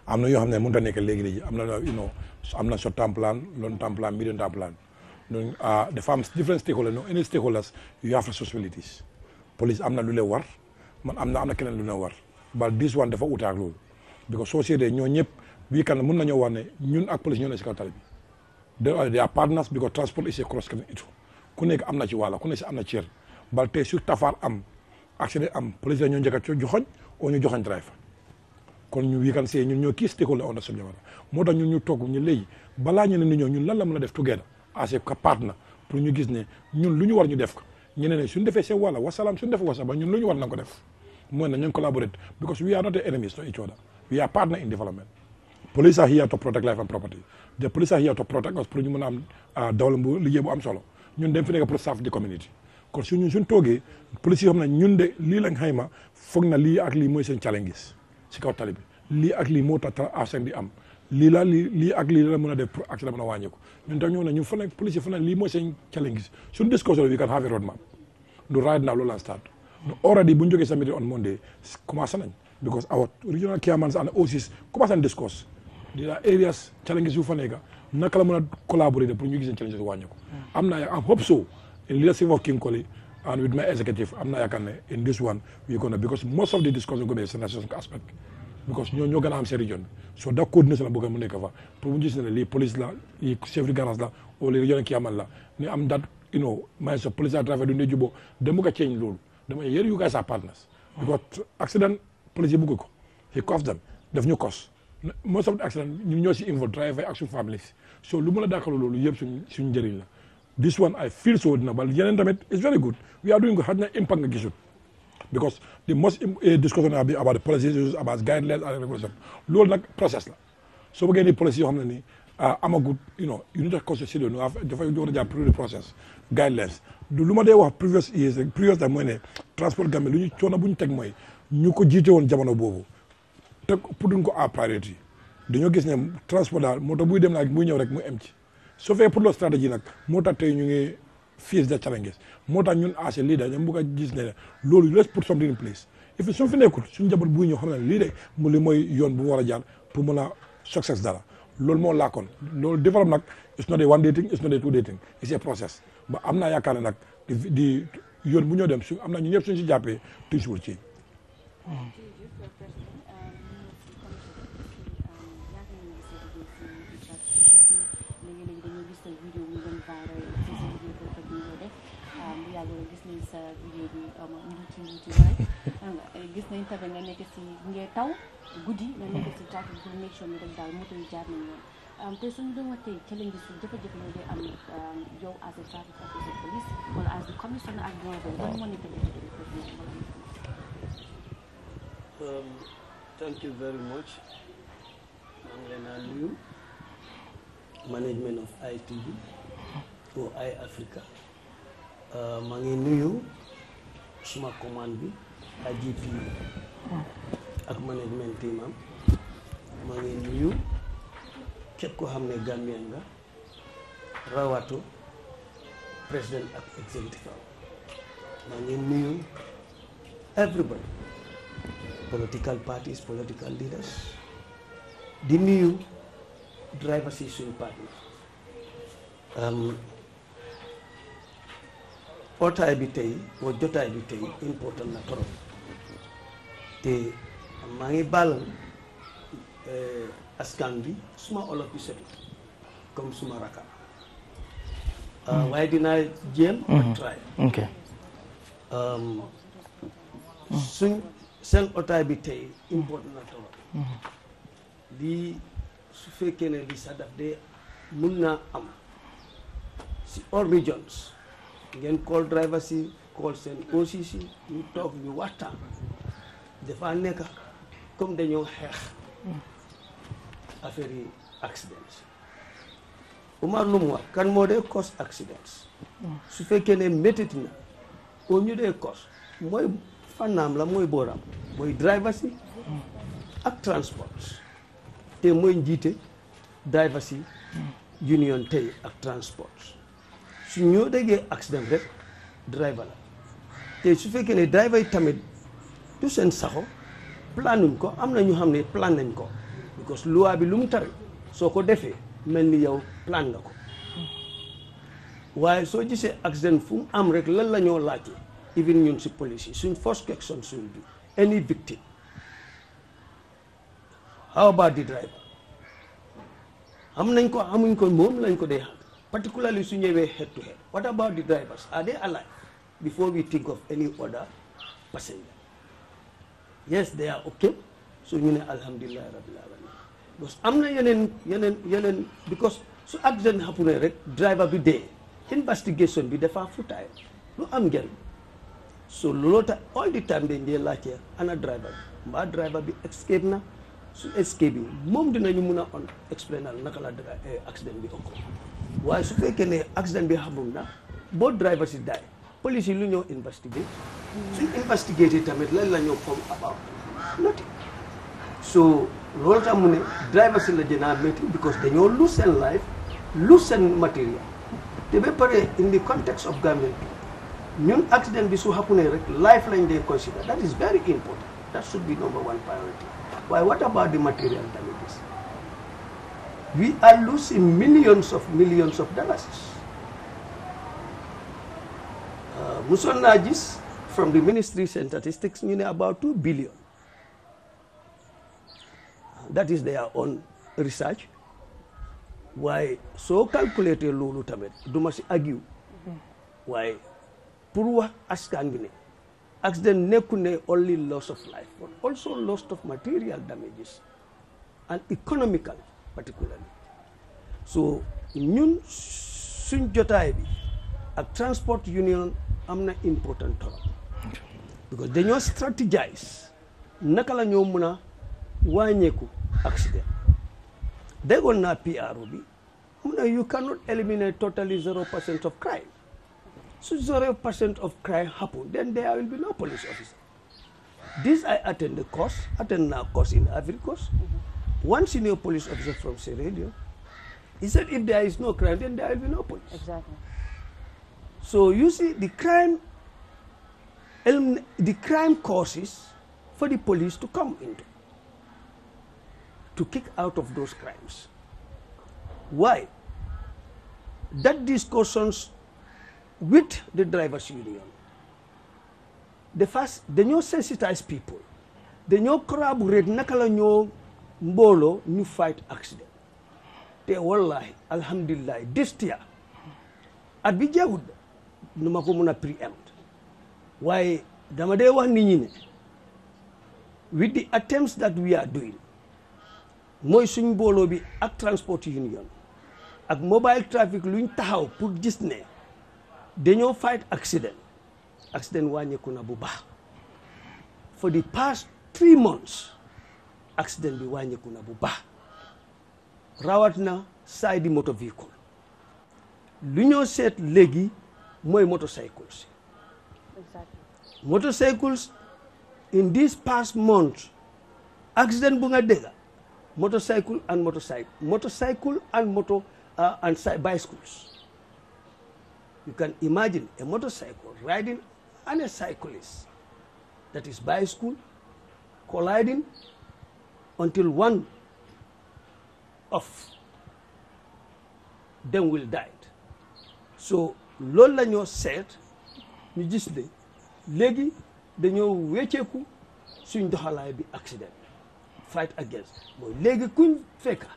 am na yoo xam ne mënut a nekk léegi-léegi am na you am na short term plan long term plan knowing uh, ah, the farm's different stakeholders, no, any stakeholders, you have responsibilities. Police am na lu leen war man am na am na keneen lu leen war but this one dafa uute ak loolu because soo seetee ñoo ñëpp bii kan mun nañoo wax ne ñun ak police ñoo ne si kaw tali bi they are partners because transport is a cross community ku nekk am na ci wàlla ku nekk si am na cër bal tey su tafaar am accident am police la ñoo njëkk a joxoñ oo ñu joxoñ driver kon ñu wii kan see ñun ñoo kii stakeholder on the subject moo tax ñun ñu toog ñu léegi balaa ñu ne ni ñoo ñun lan la mën a def together ase capable na pour ñu gis ne ñun lu ñu war ñu def ko ñu ne ne suñu defee seen wàlla wasalaam suñu defee wasaba ñun lu ñu war na ko def mooy na a am ah, dawlam bu liggéey bu am solo ñun dem fi nekk pour saaf di community kon suñu suñ toogee police yi xam ne ñun de lii lañ ma foog na lii ak lii mooy seen challenges si kaw tali bi lii ak lii moo tax accident di am lii ak lii la mën a def pour accident mën a wàññeeku ñun tam ñu fan ak policier fan lii mooy seen challenge suñu discussion bi kan have a road map du right now loolu start du already bu ñu jógee on Monday commencé nañ because our regional chairmans and OCs commencé nañ discuss there are areas challenges yu fa nekk naka la mën a collaborer pour ñu gis challenges wàññeeku hmm. am naa am hope so in leadership of King Colley and with my because ñoo ñoo gën a am seen région so da coordination la bëgg mu nekk fa pour mu gis ne lii police la lii chef de garage la wala région ki amal la ni am that you know police à travers du ne juboo dama ko change loolu dama yéen you guys are partners because accident police yi bëgg ko he caused them daf ñu cause most of accident ñun ñoo si involve driver ak families so lu mu la dàkkalu loolu yëpp suñ suñu njëriñ la this one I feel so dina bal yeneen tamit it's very good we are doing ko xaj na because the most eh, discussion a bi about the policies, about guidelines and regulation loolu nag process So we get the policy yoo xam ne nii ah, amagut you know you need to consider no dafa war a jaar période process guidelines The lu ma dee previous years previous time mooy transport Gambie lu ñu coono bu ñu teg mooy ñu ko jiite woon jamono boobu teg pour duñ ko à priorité dañoo gis transport daal moo tax buy dem like muy ñëw rek mu em ci soo fekkee pour loolu stratégie nag moo fears their challenges moo tax ñun as a leader dañu bëgg a ne loolu let's put something in place if suñ fi nekkul suñu njaboot buy ñëw xam ne lii de mu li mooy yoon bu mu war a jaar pour mën a success dara loolu moo laakoon loolu develop nag it's not a one day thing it's not a two day thing it's a process ba am naa yaakaar nag di di yoon bu ñoo dem su am na ñu ñëpp suñ si jàppee tuñ si wul ci sa liggéey bi mucc mucc gis nañ nga nekk si nga taw guddi nga nekk si taw pour make daal moto yi jaar nañ yoon te suñu doon wax tey challenges yi jafe-jafe yi day am yow as a traffic officer police wala as a commissioner ak driver ban moo nekk thank you very much maa ngi leen management of ITV ou I Africa Euh, maa ngi nuyu suma commande bi AGP ak management team am maa ngi nuyu képp koo xam ne Gambien nga rawatu président ak executive am maa ngi nuyu everybody political parties political leaders di nuyu drivers yi suñu partenaire um, otaay bi tey oo jotaay bi tey important na trop te maa ngi baalan eh, askan bi suma olof bi setu comme suma raka ah, hmm. waaye dinaa jéem a hmm. try ok um, hmm. suñ seen ootaay bi tey important na trop lii su fekkee ne lii sax daf dee mun naa am si all regions ngeen call driver si call seen aussi si ñu toog ñu waxtaan dafa nekk comme dañoo xeex affaire yi accident Omar lu mu kan moo dee cause accident su fekkee ne métit na au ñu dee cause mooy fànnaam la mooy booram mooy driver si ak transport te mooy njiite driver si union tey ak transport signodege accident rek driver la té su féké né driver tamit du sen saxo plan planuñ ko amna ñu xamné plan nañ ko because loi bi lu mu tari soo ko defee yow plan nga ko waye so gisee accident fu am rek lan lañu laati even ñun ci police yi suñ first question suñ bi any victim how about the driver am nañ ko amuñ ko mom lañ ko déx particularly su ñëwee head to head what about the drivers are they alive before we think of any other passenger yes they are okay so ñu ne alhamdulilahi rabbil alamin because am na yeneen yeneen yeneen because su accident happen rek driver bi dee investigation bi dafa futaay lu am njëriñ so looloo tax all the time dañ dee laajte ana driver bi mbaa driver bi escape na su escape bi moom ñu mun a on explainal naka la eh, accident bi okko waaye su fekkee ne accident bi xamul na boo driver si daay police yi lu ñoo investigate suñ investigate tamit lan la ñoo comme about nothing so loolu tax mu ne driver si la dinaa métti because dañoo lose seen life lose seen matériel te ba pare in the context of Gambia ñun accident bi su ne rek life lañ dee consider that is very important that should be number one priority waaye what about the material tamit we are losing millions of millions of dollars. Uh, musoon from the ministry of statistics ñu ne about two billion that is their own research waaye soo calculater loolu tamit duma si agiw waaye pour wax askan bi accident nekku ne only loss of life but also loss of material damages and economical particularly so ñun suñ jotaay bi ak transport union am na important torop because dañoo strategize naka la ñoo mën a wàññeeku accident déggoon naa PRO bi mu ne you cannot eliminate totally zero percent of crime su zero percent of crime happen then there will be no police officer this I attend the course attend naa course in every course One senior police officer from Sierra Leone, he said if there is no crime, then there will be no police. Exactly. So you see, the crime, the crime causes for the police to come into, to kick out of those crimes. Why? That discussions with the drivers union. The first, the new sensitized people. the new corroborate nakala nyo mbooloo ñu fight accident te wallahi alhamdulilah destia at bi jeexut nu ma ko mun a preempt waaye dama dee wax nit ñi ne with the attempts that we are doing mooy suñ mbooloo bi ak transport union ak mobile traffic luñ taxaw pour gis ne dañoo fight accident accident wàññeeku na bu baax for the past three months accident bi wàññeeku na bu baax rawat na saay di moto véhicule lu ñoo seet léegi mooy motorcycles motorcycles in this past month accident bu nga dégga motorcycle and motorcycle motorcycle and moto uh, and bicycles you can imagine a motorcycle riding and a cyclist that is bicycle colliding until one of them will die so loolu lañoo seet ñu gis ne léegi dañoo wecceku suñ doxalaay bi accident fight against mooy léegi kuñ fekka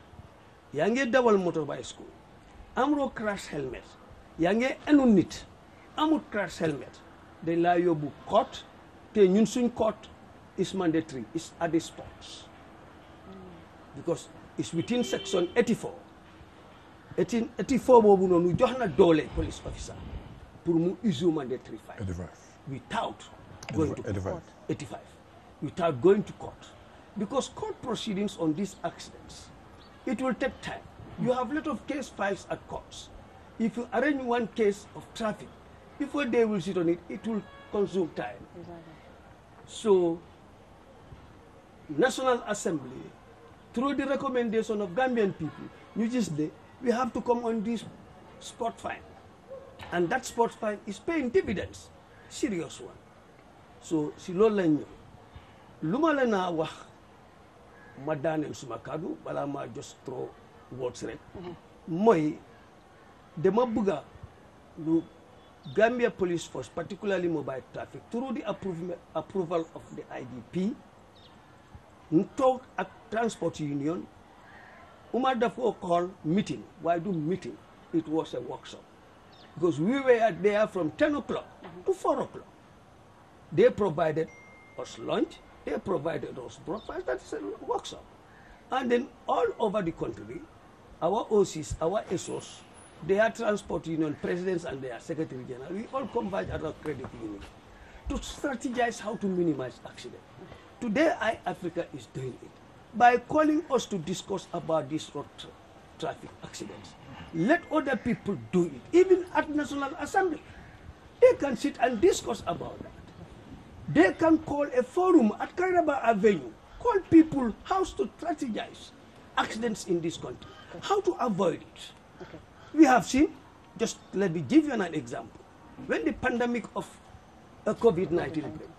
yaa ngi dawal motorbike school amuloo crash helmet yaa ngi enu nit amul crash helmet dañ laa yóbbu court te ñun suñ court is mandatory is at the sports because it's within section 84 1884 84 noonu jox na doole police officer to issue mandatory 85 without going to court 85 without going to court because court proceedings on these accidents it will take time you have a lot of case files at courts if you arrange one case of traffic before they will sit on it it will consume time so national assembly through the recommendation of Gambian people, you just day, we have to come on this sport fine. And that sport fine is paying dividends. Serious one. So, si loolu lañ lu ma la naa wax ma daaneel suma kàddu balaa maa just throw words rek mooy dama bëgga lu Gambia Police Force particularly mobile traffic through the approval of the IDP ñu ak transport union, Umar Dafo called meeting. Why do meeting? It was a workshop. Because we were there from 10 o'clock mm -hmm. to 4 o'clock. They provided us lunch, they provided us breakfast, that's a workshop. And then all over the country, our OCs, our ESOs, their transport union presidents and their secretary general, we all converge at our credit union to strategize how to minimize accident. Mm-hmm. Today, I Africa is doing it by calling us to discuss about these road tra traffic accidents. Let other people do it, even at National Assembly. They can sit and discuss about that. They can call a forum at Karaba Avenue, call people how to strategize accidents in this country, how to avoid it. Okay. We have seen, just let me give you an example. When the pandemic of uh, COVID-19 okay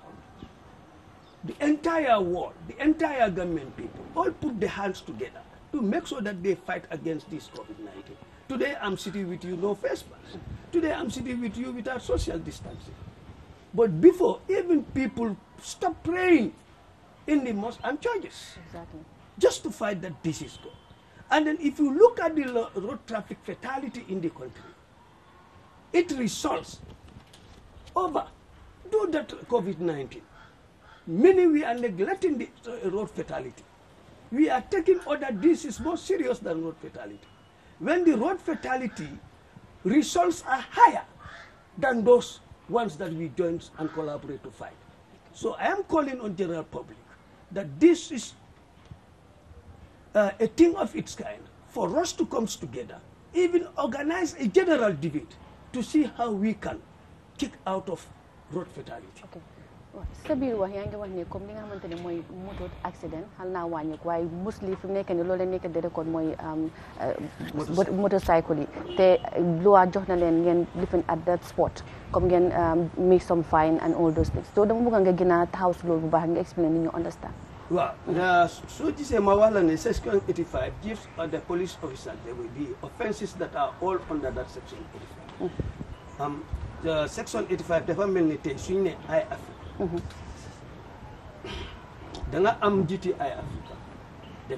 the entire world, the entire government people, all put their hands together to make sure that they fight against this COVID-19. Today I'm sitting with you, no face mask. Today I'm sitting with you without social distancing. But before, even people stop praying in the mosques and churches exactly. just to fight that disease. And then if you look at the road traffic fatality in the country, it results over, do that COVID-19. Many we are neglecting the uh, road fatality. We are taking this is more serious than road fatality. When the road fatality results are higher than those ones that we join and collaborate to fight. So I am calling on general public that this is uh, a thing of its kind for us to come together, even organize a general debate to see how we can kick out of road fatality. Okay. sa biir wax yaa ngi wax ne comme li nga xamante ne mooy moto accident xal naa wàññeeku waaye mostly fi mu nekk nii loolu nekk di record mooy um, uh, motorcycle yi te loi jox na leen ngeen lifin at that spot comme ngeen um, make some fine and all those things so dama bëgg nga gën a taxaw si loolu bu baax nga explain ni ñu understand waaw uh, soo gisee ma wax la ne section 85 gives the police officer there will be offenses that are all under that section 85 mm. um, ne ay Mhm. da am jiiti ay Africa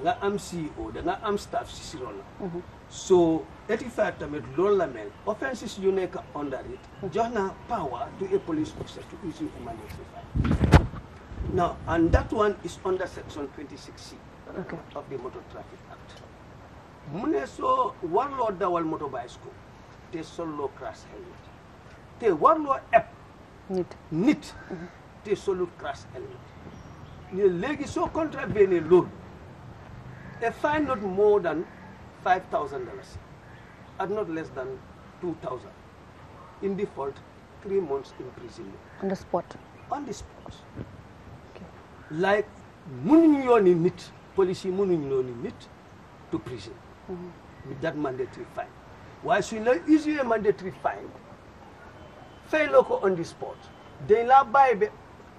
da am CEO da am staff si si mhm. loolu la so Etisalat tamit lool la mel offenses yu nekk under it jox na power to a police officer to issue emergency fine now and that one is under section 26C of the Motor Traffic Act mu ne soo warloo dawal moto bicycle te solloo crash helmet te warloo eb nit nit mhm. te solut crash element ne léegi so contrabene loolu a fine not more than five thousand dollars at not less than two thousand in default three months in prison. on the spot on the spot okay. like mënuñu yooni nit police yi mënuñu yooni nit to prison mm -hmm. with that mandatory fine should suñ issue a mandatory fine fay local on the spot They la bàyyi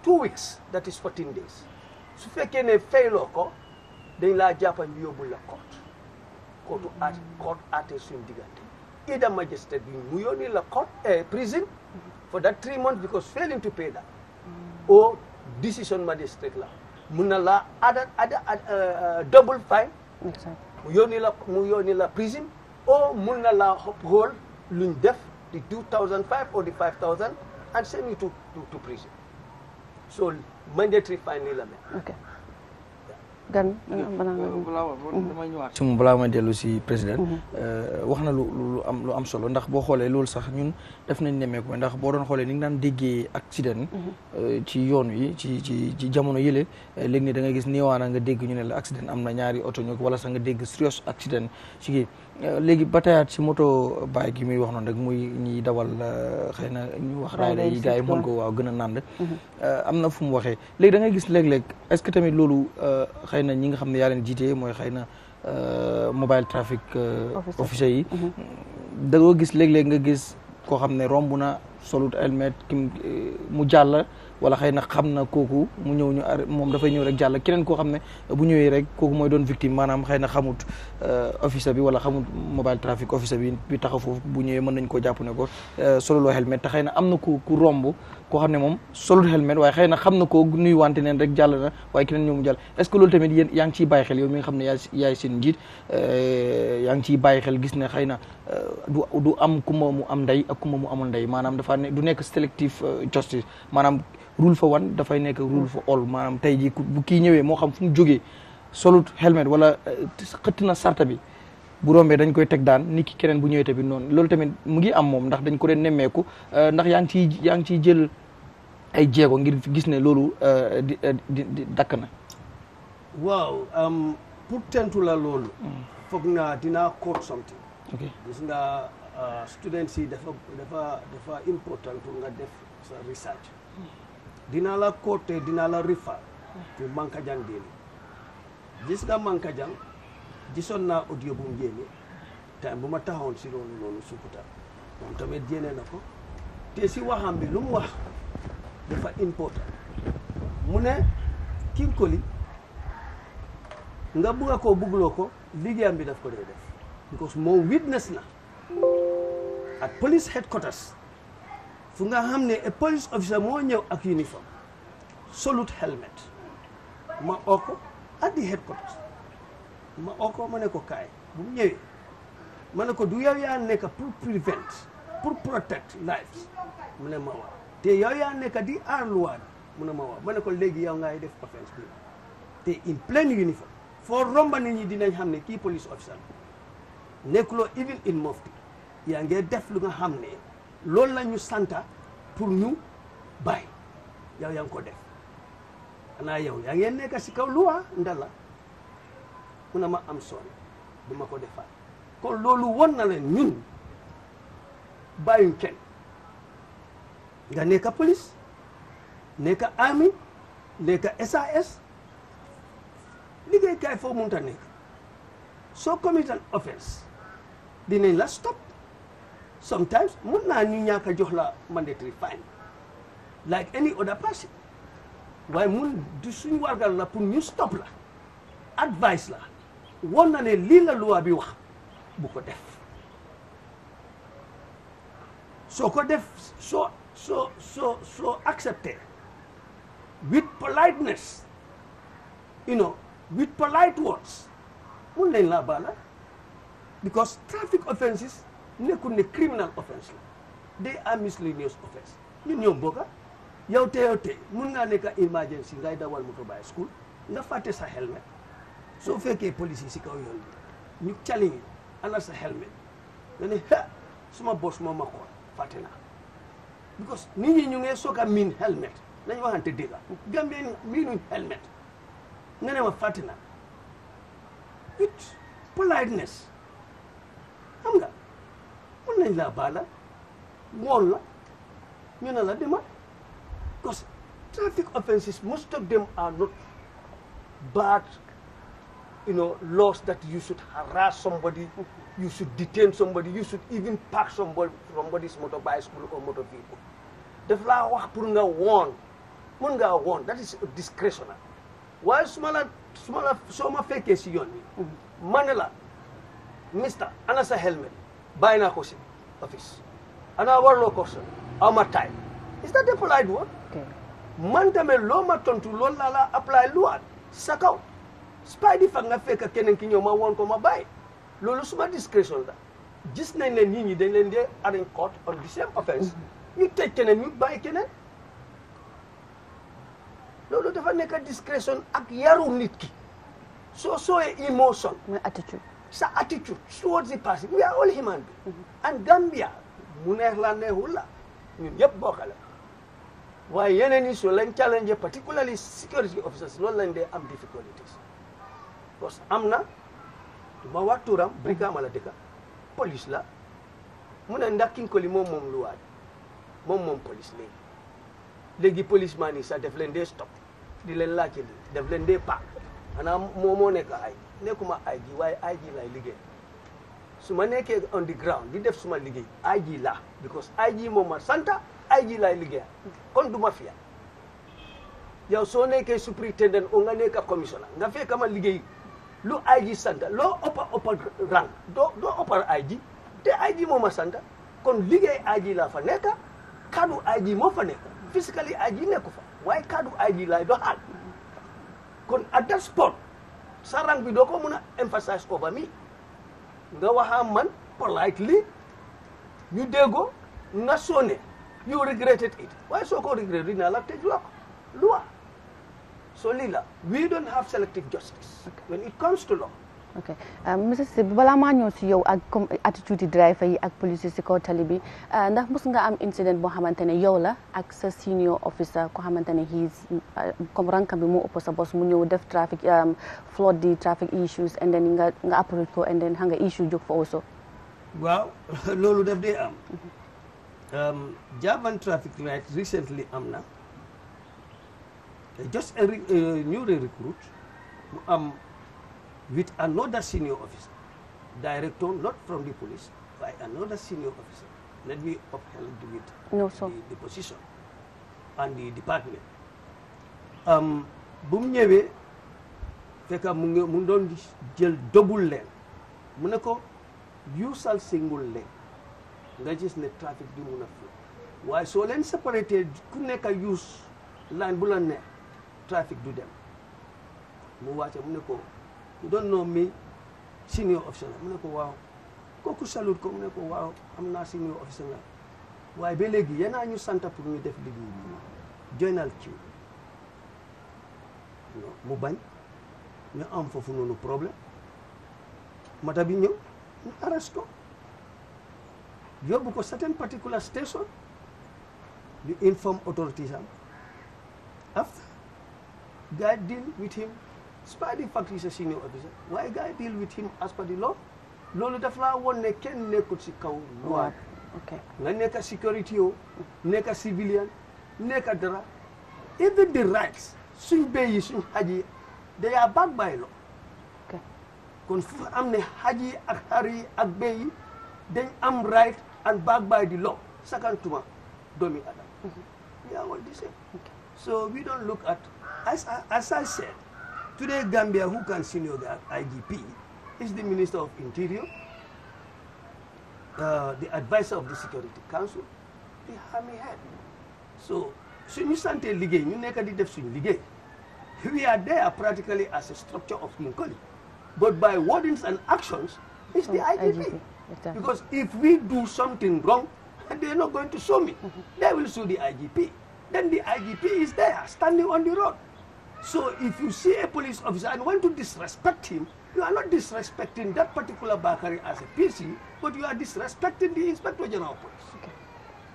two weeks that is fourteen days su fekkee ne fayloo ko dañ laa jàppa ñu yóbbul la court kootu court aate suñ either magistrate bi mu yónni la court eh, prison for that three months because failing to pay that mm-hmm. or oh, decision magistrate la mun na la ada ada eh, double fine mu yónni la mu yónni la prison or oh, mun na laa xool luñ def di two thousand five or and send you to prison So mandatory fine la mel. ok gan. ci moom mhm. balaa ma dellu si président. Mhm. Euh, wax na lu lu am lu am solo ndax boo xoolee loolu sax ñun def nañ nemmeeku ndax boo doon xoolee ni nga daan déggee accident. Mhm. Euh, ci yoon wi ci ci ci jamono yële euh, léegi nii da nga gis néewaana nga dégg ñu ne la accident am na ñaari oto ñu wala sax nga dégg serious accident ci kii. Euh, léegi ba tayaat si moto baay ki muy wax noonu rek muy ñiy dawal euh, xëy na ñu wax raada yi gars yi mën ko waaw gën a nànd mhm. euh, am na fu mu waxee léegi da gis léeg-léeg est-ce que tamit loolu xëy na ñi nga xam ne yaa leen jiite mooy xëy na mobile traffic officier yi mhm. da nga gis léeg-léeg nga gis koo xam ne romb na solut helmet kim mu jàll wala xëy na xam na kooku mu ñëw ñu moom dafay ñëw rek jàll keneen koo xam ne bu ñëwee rek kooku mooy doon victime maanaam xëy na xamut euh, officer bi wala xamut mobile traffic officer bi bi taxaw foofu bu ñëwee mën nañ koo jàpp ne ko euh, soluloo helmet te xëy na am na ku ku romb ko xam ne moom solul helmet waaye xëy na xam na ko nuyu wante neen rek jàll na waaye keneen ñëw mu jàll est-ce que loolu tamit yéen yaa ngi ciy bàyyi xel yow mi nga xam ne yaay yaay euh, yaa ngi ciy bàyyi xel gis ne xëy na du du am kumba mu am ndey ak kumba mu amul ndey maanaam dafa ne du nekk selective justice maanaam rule for one dafay nekk rule for all maanaam tey bu kii ñëwee moo xam fu mu jógee solut helmet wala eh, xëtt na sarta bi bu rombee dañ koy teg daan nikki ki keneen bu ñëwee tamit noonu loolu tamit mu ngi am moom ndax dañ ko dee nemmeeku eh, ndax yaa ngi ciy yaa ngi ciy jël ay jéego ngir gis ne loolu eh, di di dakk na. waaw pour tentu la loolu. Hmm. foog naa dinaa quote something. ok gis nga students yi dafa dafa dafa important pour nga def sa research. dinaa la dinala kote dinala refer to mankajang dele gis nga mankajang gisoon naa audio bu mu génne time bu ma taxawoon si loolu noonu sukuta moom tamit génne na ko te si waxam bi lu mu wax dafa important mu ne King nga bugg a koo buggloo ko liggéeyam bi daf ko dee def because moom witness na at police headquarters fu nga xam ne police officer moo ñëw ak uniforme solut helmet ma oo ko di headquarters ma oo ko ko kaay bu mu ñëwee ma ko du yow yaa nekk pour prevent pour protect lives mu ne ma waa te yow yaa nekk di aar loi bi mu ne ma wax ma ne ko léegi yow ngay def offense bi te in plain uniforme foo romba nit ñi dinañ xam ne kii police officer nekkuloo even in mufti yaa ngee def lu nga xam ne loolu la santa pour ñu bàyyi yow yaa ngi ko def xanaa yow yaa ngeen nekk si kaw luwa ndala mu ne ma am sori du ma ko defaat kon loolu woon na leen ñun bàyyuñ kenn nga nekk police nekk army nekk SAS liggéeykaay foo munta nekk soo committan offense dinañ la stop sometimes mun naa ñu ñàkk jox la mandatory fine like any other person waaye mun du suñu wargal la pour ñu stop la advice la woon na ne lii la loi bi wax bu ko def soo ko def soo soo soo soo accepté with politeness you know with polite words mun nañ laa baala because traffic offenses nekkul ne criminal offense la they are miscellaneous offense ñun ñoom bokka yow te yow te mun ngaa nekk emergency ngay dawal moto bàyyi school nga fàtte sa helmet soo fekkee police si kaw yoon bi ñu challenge ana sa helmet nga ne ha suma bos moom ma xool fàtte naa because nit ñi ñu ngee soog a miin helmet nañ waxante dëgg Gambien miinuñ helmet nga ne ma fàtte naa with politeness mën nañ laa baala woon la ñu ne la demal parce que traffic offences most of them are not bad laws that you should harass somebody you should detain somebody you should even park somebody's motor bicycle or motor vehicle daf laa wax pour nga woon mën ngaa woon that is discretional waaye su ma la su soo ma fekkee si yoon bi la mister ana helmet bàyyi naa ko si office ana warloo ko sa aw ma time is that a polite word man tamit loo ma tontu loolu laa la apply luwaat sa kaw spy di fa nga fekk keneen ki ñëw ma woon ko ma baay loolu suma discrétion la gis nañ ne nit ñi dañ leen dee arraign court on the same offense mm-hmm. ñu tëj keneen ñu bàyyi keneen loolu dafa nekk discrétion ak yaru nit ki soo sooyee emotion mooy attitude sa attitude towards the person ya we are all human beings. and Gambia mu neex la neexul la ñun yëpp bokk waaye yeneen yi su lañ challenge particularly security officers loolu lañ dee am difficulties parce amna, am na du ma wax turam brigama la dëkka police la mu ne ko li moom moom lu waaj moom moom police léegi léegi policeman yi sax def leen dee stop di leen laajte def leen dee pas maanaam moom moo nekk ay nekkuma ay ji ay ji lay liggéey su ma nekkee on the ground di def suma liggéey ay ji la because ay ji moom ma santa ay ji lay liggéey kon du ma fiya yow soo nekkee superintendent o nga nekk commissioner nga fekk ma liggéey lu ay ji santa loo ëppa ëppa rang doo doo ay ji te ay ji moom ma santa kon liggéey ay ji laa fa nekk kaddu ay ji moo fa nekk physically ay ji nekku fa waaye kaddu ay ji lay doxal kon ada sport sarang bidoko doko muna emphasize over me nga waxa politely ñu dego nga nasone, you regretted it why so ko regret na la tej wax loi so lila we don't have selective justice when it comes to law ok euh, monsieur Cissé balaa maa si yow ak comme attitude yi driver yi ak police si kaw euh, ndax mos nga am incident boo xamante ne yow la ak sa senior officer ko xamante ne his euh, comme rankam bi moo ëpp sa mu ñëw def traffic flood di traffic issues and then nga nga approach ko and then xam nga jóg fa also um, a uh, with another senior officer, director not from the police, by another senior officer. Let me uphold with no, the, the, position and the department. Um, bu mu ñëwee fekk mu ngi mu doon jël double lane mu ne ko usal single lane nga gis ne trafic bi mun a flow waaye soo leen séparé ku nekk use line bu la neex trafic du dem mu wàcce mu ne ko you don't know me senior officer mu ne ko waaw kooku salut ko mu ne ko waaw am naa senior officer waaye ba léegi yéen ñu sant pour ñu def liggéey bi ci mu bañ ñu am foofu noonu problème mata bi ñëw ñu arrest ko yóbbu ko certain particular station ñu inform authorities am after guide deal with him c'est pas di fact sa senior officer waaye gars deal with him as per the law loolu daf la won ne kenn nekkul si kaw loi nga nekka sécurité o nekka civilian nekka dara even the rights suñ béy yi suñ xaj yi they are backed by law kon fu am ne xaj yi ak xar ak béy yi dañ am right and backed by the law sakantuma doomi adam yaa wal di so we don't look at as, I said Today, Gambia, who can senior the IGP, is the Minister of Interior, uh, the advisor of the Security Council, the army head. So, suñu santé liggéey ñu nekk we are there practically as a structure of Linkoli. But by wordings and actions, it's the oh, IGP. Because if we do something wrong, they're not going to show me. Mm -hmm. They will sue the IGP. Then the IGP is there, standing on the road. So if you see a police officer and want to disrespect him, you are not disrespecting that particular Bakari as a PC, but you are disrespecting the Inspector General of Police. Okay.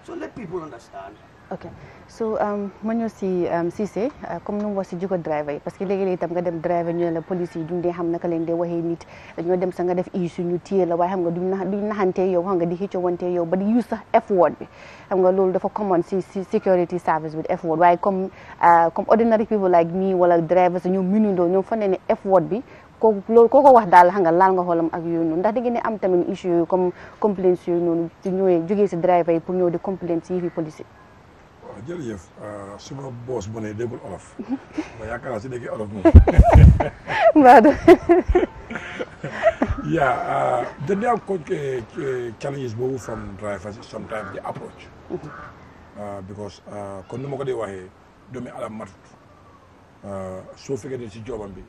So let people understand ok so um, ma ñëw si um, Cissé uh, comme nu mu wax si jikko driver yi parce que léegi-léegi itam nga dem driver ñu ne la police yi duñ dee xam naka leen dee waxee nit ñoo dem sa nga def issue ñu téye la waaye xam nga duñ na duñ naxantee yow xam nga di xëccowantee yow ba di use sax F word bi xam nga loolu dafa common si security service bi F waaye comme uh, comme ordinary people like me wala drivers ñoom minundoo ñoom fa ne ne F word bi kooku koo ko wax daal xam nga laal nga xoolam ak yooyu noonu ndax da ngeen am tamit issue yooyu comme complaints yooyu noonu si driver pour ñëw di complaints yi fi police waaw jërëjëf euh, suma boos bu ne déggul olof ma yaakaar naa si déggee olof moom. mbaa de. yeah, uh, the now uh, challenges move from drivers sometimes the approach uh, because kon euh, numa ko dee waxe do me ala mat euh, so fege ni ci jobam bi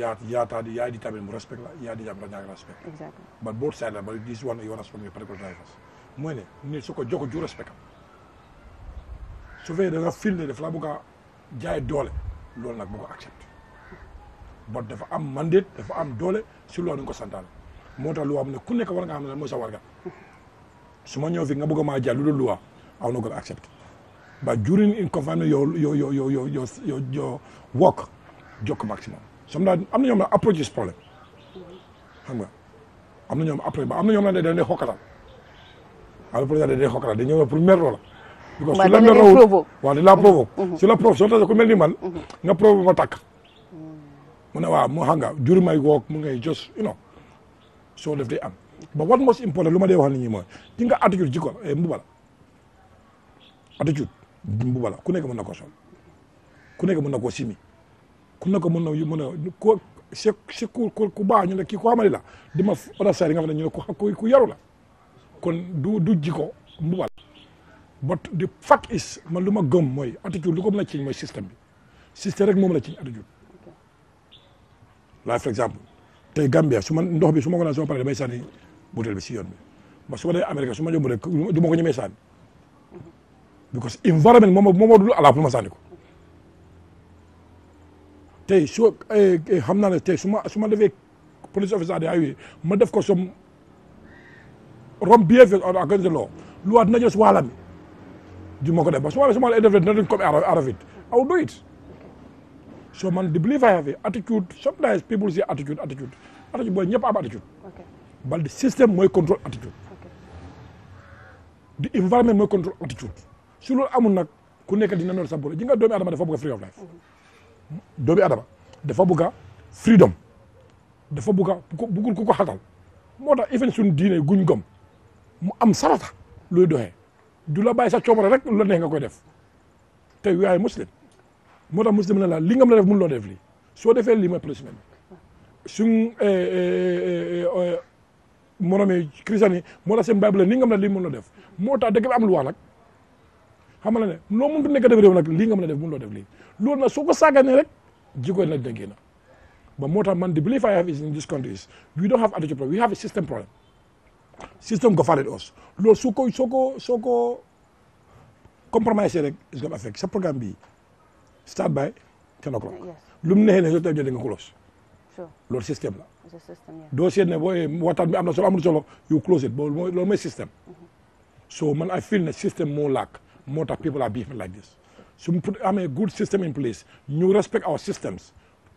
yaa ya di ya di tamit mu respect la ya di jam la ñak respect exactly but both side la but this one you want to ko joko ju respect su fekkee da nga fil ne laa bëgg a doole loolu nag bu ko dafa am mandate dafa am doole si loolu dañ ko santaane moo tax luwaa mu ne ku nekk war nga xam ne mooy sa warga su ma ñëw fi nga bëgg maa jaay lu dul luwaa aw na ko accepté ba during in confinement your your your your your your your your work jokk maximum som naa am na ñoom la approche ce problème xam nga am na ñoom approche am na ñoom la ne dañ dee xokkatal am na pour dañ dee xokkatal dañ ñëw pour mer because su la rawul waaw di la provoque su la provoque soo tasee ku mel ni man mm-hmm. nga provoque ma takk mm. mu ne waaw mu xam nga jur may woog mu ngay jos you know soo def day am ba what most important lu ma dee wax nit ñi mooy di nga attitude jikko eh, mbuba la attitude mbuba ku nekk mën na ko sol ku nekk mën na koo simi ku nekk mën na mën ko si si ku ku baax ñu kii ku xamali la dima oda sari la but the fact is man lu ma gëm mooy attitude lu ko mën a ciñ mooy système bi système rek moom la ciñ attitude like for exemple tey Gambia su ma ndox bi su ma ko naan soo paree damay sànni butéel bi si yoon bi ba su ma dee su ma jëm rek du ko ñemee sànni because environment moom moo dul alaaf lu ma sànni ko eh, eh, naa ne tey su ma su ma defee police ma def ko som rom behavior against the law lu waat dina jël si du ma ko def ba su ma su ma la def nothing come out of it I will do it so man the belief I have attitude sometimes people say attitude attitude attitude booy ñëpp am attitude Okay. but the system mooy control attitude Okay. the environment mooy control attitude su loolu amul nag ku nekk dina noor sa bopp ji nga doomi adama dafa bëgg free of life mm-hmm. doomi adama dafa bëgg freedom dafa bëgg bëggul ku ko xatal moo tax even suñu diine guñ gom mu am sarata luy doxee du la bàyyi sa coomare rek lu la neex nga koy def te yaay muslim moo tax muslim ne la li nga mën a def mun loo def lii soo defee lii mooy punishment suñ eh, eh, eh, moromi christian yi moo la seen bible li nga mën lii mënu loo def moo tax dëkk bi am lu wax nag xam nga ne loo mënut nekk def réew nag lii nga mën a def mënu loo def lii loolu na soo ko saaganee rek jikko nag dina génn ba moo tax man the belief I have is in this country we don't have attitude problem we have a system problem System go faale os us. su soko soko ko compromise rek is gonna affect sa programme bi start by ten o'clock lu mu neexee ne soo tawjee da nga close system système la doo seet ne boo waxtaan bi am solo amul solo you close it but mooy system. mooy mhm. so man I feel the system more lack. More that people are behaving like this So i put a good system in place You respect our systems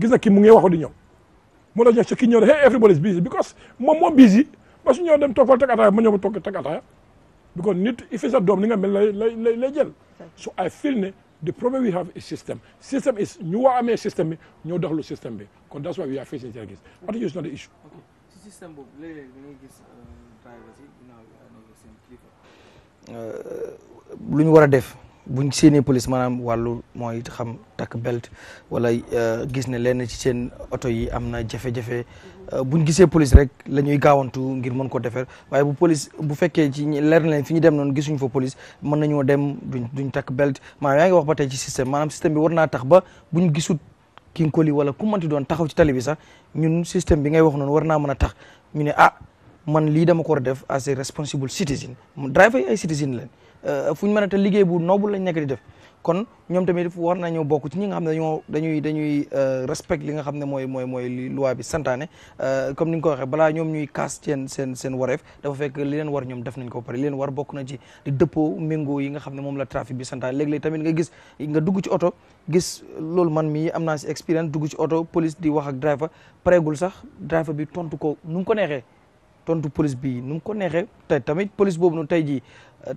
gis na ki mu ngi waxu di ñëw mu la jox ci ki ñëw hey everybody is busy because moom moo busy ba su ñëw dem toog fal teg ataaya ma ñëw ba toog teg ataaya because nit il fait sa doom ni nga mel lay lay lay jël so I feel ne the problem we have is system system is ñu waa amee système bi ñoo doxlu système bi kon that's why we are facing Senegal what is not the issue si système boobu léeg-léeg da ngay gis euh, drivers yi ginnaaw seen kilifa euh, lu ñu war a def bu buñ séenee police manaam wàllu mooy xam takk belt wala euh, gis ne lenn ci seen oto yi am na jafe-jafe euh, buñ gisee police rek la ñuy gaawantu ngir mën ko defar waaye bu police bu fekkee ci leer na leen fi ñu dem noonu gisuñ fa police mën nañoo dem duñ duñ takk belt maanaam yaa ngi wax ba tey ci système maanaam système bi war naa tax ba buñ gisut ki ko li wala ku mënti doon taxaw ci tali bi sax ñun système bi ngay wax noonu war naa mën a tax ñu ne ah man lii dama ko a def as a responsible citizen driver ay citizen lañ Euh, fu ñu mën a te liggéey bu noble lañ nekk di def kon ñoom tamit war na nañoo bokk ci ñi nga xam ne dañoo dañuy dañuy euh, respect li nga xam ne mooy mooy mooy li bi santaane euh, comme ni nga ko waxee balaa ñoom ñuy kaas seen seen seen wareef dafa fekk li leen war ñoom def nañ ko ba pare li leen war bokk na ci di dëppoo méngoo yi nga xam ne moom la trafic bi santaane léeg-léeg tamit nga gis nga dugg ci gis loolu man mii am naa si expérience dugg ci oto police di wax ak driver pareegul sax driver bi tontu ko nu mu ko neexee tontu police bi nu mu ko neexee te tamit police boobu noonu tey jii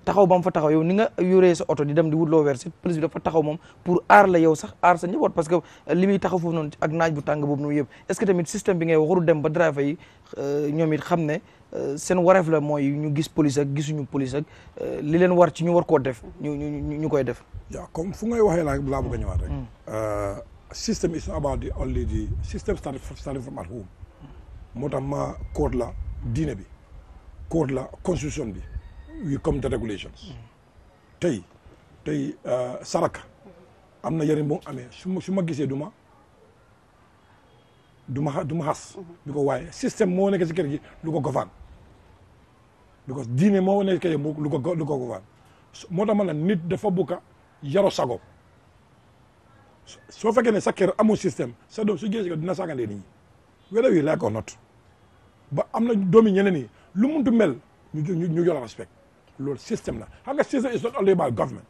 taxaw ba mu fa taxaw yow ni nga yoree sa oto di dem di wut loo weer si police bi dafa taxaw moom pour aar la yow sax aar sa oto parce que li muy taxaw foofu noonu ak naaj bu tàng boobu noonu yëpp est ce que tamit système bi ngay wax dem ba driver yi euh, ñoom it xam ne euh, seen wareef la mooy ñu gis police ak gisuñu police ak euh, li leen war ci ñu war koo def ñu ñu ñu koy def. waaw comme fu ngay waxee laa a ñëwaat rek. Hmm. système is about the only the système started from at home moo tax ma code la diine bi code la constitution bi. we come to regulations tey tey euh, saraka am na yeneen bu amee su ma su ma gisee du ma du du ma xas bi mhm. waaye système moo nekk si kër gi lu ko gofaan because diine moo nekk kër gi lu ko lu gofaan moo tax ma ne nit dafa bukka yaro sago soo fekkee ne sa kër amul système sa doom su géej ko dina saagandee nit ñi whether we like or not ba am na doomi ñeneen ñi lu muntu mel ñu ñu ñu respect loolu système la xam nga système is not only about government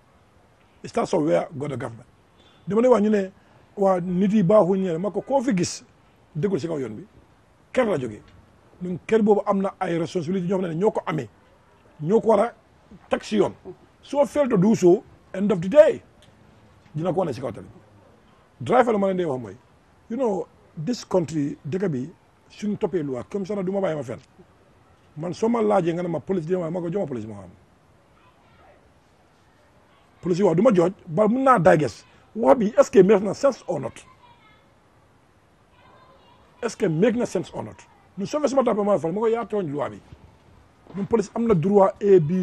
it starts from where go the government dama lay wax ñu ne waa nit yi baaxuñ ñene ma ko koo fi gis dëggul si kaw yoon bi kër la jógee donc kër boobu am na ay responsabilité ñoo xam ne ñoo ko amee ñoo ko war a teg si yoon soo fail to do so end of the day dina ko wane si kaw tali driver la ma leen dee wax mooy you know this country dëkk bi suñ toppee loi comme ça na du ma bàyyi ma fenn man soo ma laajee nga ne ma police dina ma ma ko joma police ma xam police wax du ma jooj ba mun naa digest wax bi est-ce que na sense or not est na sense or not nu soo fee suma tàppee ma fal ma ko yaa tooñ loi bi ñun police am na droit A B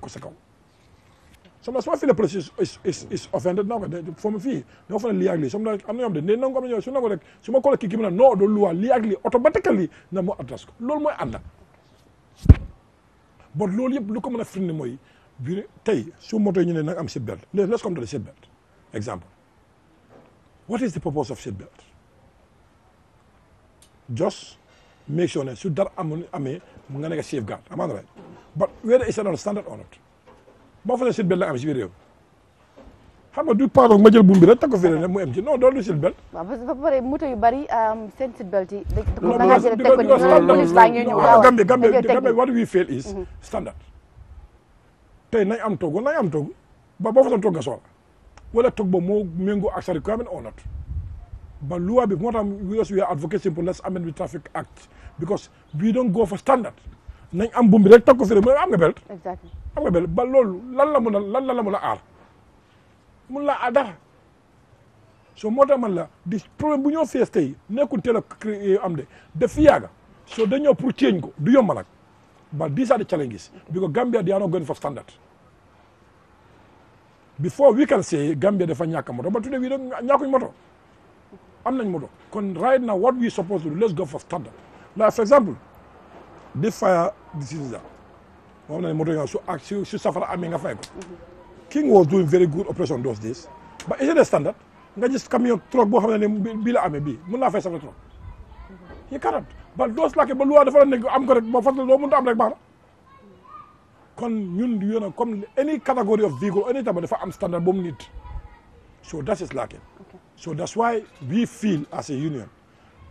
ko sa kaw som na su ma la police is offended naa ko de foo fii ne lii na am na ñoo xam ne ko am na ñoo na ko rek su ma ko la kii kii mu ne automatically na mu adresse ko loolu mooy ànd bon loolu yëpp lu ko mën a firnde mooy bi tey su moto yi ñu ne nag am seat belt let's come to the seat belt example what is the purpose of seat belt just make sure ne su dara amul amee nga nekk safeguard am right but whether it's a standard or not boo fa ne seat belt la am si biir réew xam nga du pardon ma jël buum bi rek takk ko fi ne mu em ci non doolu du seatbelt. waaw parce que ba pare moto yu bari seen seatbelt ko nii mhm. am togg nañ am togg ba boo fa doon togg nga soxla wala togg ba moo méngoo ak sa requirement or not ba loi bi moo tax US we are advocating pour let's amend the traffic act because we don't go for standard. nañ am buum bi rek takk ko fi ne mu am nga belt. am nga belt ba loolu lan la mun a lan la mun a aar. mun laa dara so moo tax man la di problème bu ñoo fees tey nekkul teel euh, a am de def fi de so dañoo pour change ko du yomb nag but these are the challenges because Gambia they are not going for standard before we can ñàkk moto ba today we don't ñàkkuñ moto am nañ moto kon right na what we supposed to do let's go for standard like for example this fire this is that moom na moto yaa su su safara amee nga fay ko mm-hmm. King was doing very good operation those days but is it a standard nga gis camion truck boo xam ne ne bii la amee bii mën naa fay sama truck yi karat ba doos lakke ba luwaa dafa am ko rek boo fas loo mënta am rek na kon ñun yoona comme any category of vehicle any tama dafa am standard boobu nit so that is lacking so that's why we feel as a union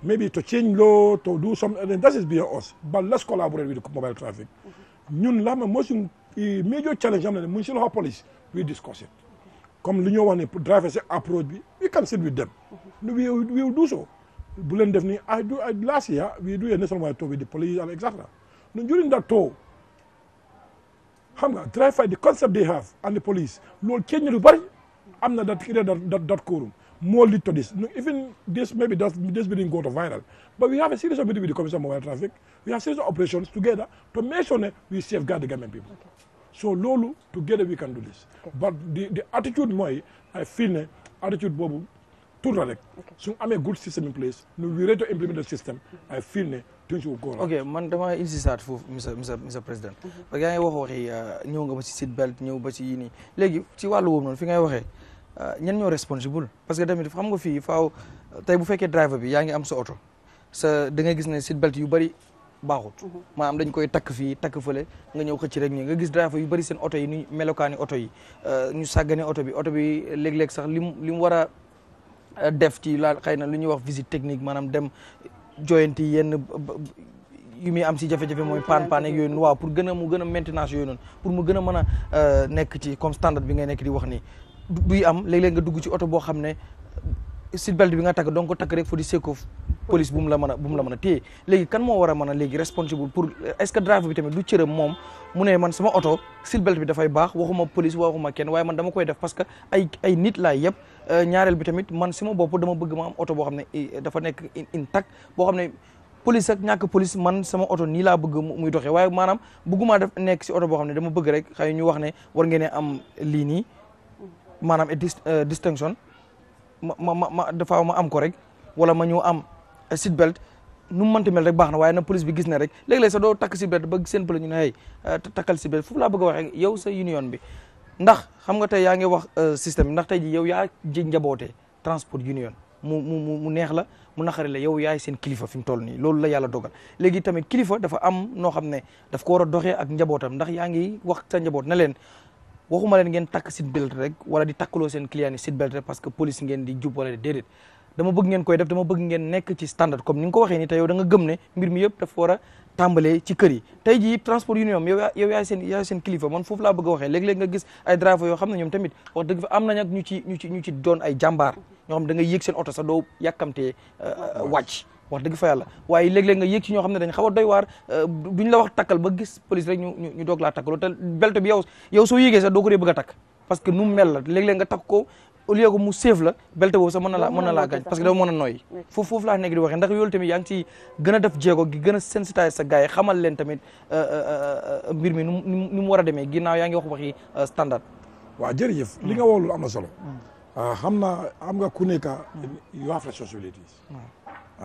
maybe to change law to do something that is beyond us but let's collaborate with mobile traffic mm-hmm. ñun la xam ne mooy suñu major challenge mu si loxo we discuss it. comme li ñoo wax ne driver approach bi we can sit with them. we we will do so. bu leen def ni I do I last year we do a nationwide tour with the police and etc. no during that tour xam nga driver the concept they have and the police loolu change lu bari am na that that that quorum more lead to this. No, even this maybe that's, this didn't go to viral. But we have a serious meeting with the Commission on Traffic. We have serious operations together to make sure that we safeguard the government people. Okay. so loolu together we can do this but the the attitude mooy I feel ne attitude boobu tout la rek suñu amee good system in place nu we ready to implement the system I feel ne things will go right. ok man dama insistaat foofu monsieur monsieur monsieur président parce mhm. que yaa ngi wax waxi euh, ñëw nga ba belt ñëw ba si yii nii léegi ci wàllu woowu noonu fi ngay waxee euh, ñen ñoo responsible parce que tamit xam nga fii faaw tey bu fekkee driver bi yaa ngi am sa oto sa da ngay gis ne seat belt yu bari baaxut mhm. maanaam dañ koy takk fii takk fële nga ñëw xëcc rek ñi nga gis driver yu bari seen oto yi ni melokaani oto yi euh, ñu sàggane oto bi oto bi léeg-léeg sax lim li mu war a euh, def ci laa xëy na lu ñuy wax visite technique maanaam dem joyanti yenn yu muy am si jafe-jafe mooy paan paan ak yooyu noonu waaw pour gën a mu gën a maintenance yooyu noonu pour mu gën a mën a euh, nekk ci comme standard bi ngay nekk di wax nii duy am léeg-léeg nga dugg ci oto boo xam ne seat belt bi nga takk donc takk rek fo di seeko police bu la mën a bu la mën a téye léegi kan moo war a mën a léegi responsable pour est-ce que driver bi tamit du cëram moom mu ne man sama oto seat belt bi dafay baax waxuma police waxuma kenn waaye man dama koy def parce que ay ay nit laay yëpp euh, ñaareel bi tamit man si ma bopp dama bëgg ma am oto boo xam ne eh, dafa nekk intact boo xam ne police ak ñàkk police man sama oto nii laa bëgg muy doxee waaye maanaam bëgguma def nekk si oto boo xam ne dama bëgg rek xëy ñu wax ne war ngeen am lii nii maanaam euh, distinction ma ma ma dafa ma am ko rek wala ma ñëw am eh, seat belt nu mu mënti mel rek baax na waaye na police bi gis na rek léeg-léeg sax doo takk seat belt ba seen pële ñu ne hey eh, takkal seat belt foofu laa bëgg a waxee yow sa union bi ndax xam nga tey yaa ngi wax eh, système bi ndax tey ji yow yaa ji njaboote transport union mu mu mu neex la mu naqari la yow yaay seen kilifa fi mu toll nii loolu la yàlla dogal léegi tamit kilifa dafa am noo xam ne daf ko war a doxee ak njabootam ndax yaa ngi wax sa njaboot na leen waxuma leen ngeen takk seat belt rek wala di takkaloo seen client seat belt rek parce que police ngeen di jub wala di dama bëgg ngeen koy def dama bëgg ngeen nekk ci standard comme ni nga ko waxee ni te yow da nga gëm ne mbir mi yëpp dafa war a ci kër yi tey jii transport union yow yow yaay seen yaay seen kilifa man foofu laa bëgg a waxee léeg-léeg nga gis ay driver yoo xam ne ñoom tamit wax dëgg fa am nañ ak ñu ci ñu ci ñu ci doon ay jàmbaar ñoo da nga yéeg seen oto sax doo yàkkamtee euh, wàcc wax waaye léeg-léeg nga yéeg ci ñoo xam ne dañ xaw a doy waar euh, duñ la wax takkal ba gis police rek ñu ñu doog takkaloo te belte bi yow soo yéegee sax doo ko dee bëgg a takk parce que nu mel la léeg-léeg nga takk ko au lieu mu séef la belte boobu sax mën na laa gaañ parce que dafa mën a nooy foofu foofu nekk di waxee ndax yoolu tamit yaa ngi gën a def jéego gi gën a sensitiser sa gars xamal leen tamit euh, euh, mbir mi nu mu war a demee ginnaaw yaa wax waxi standard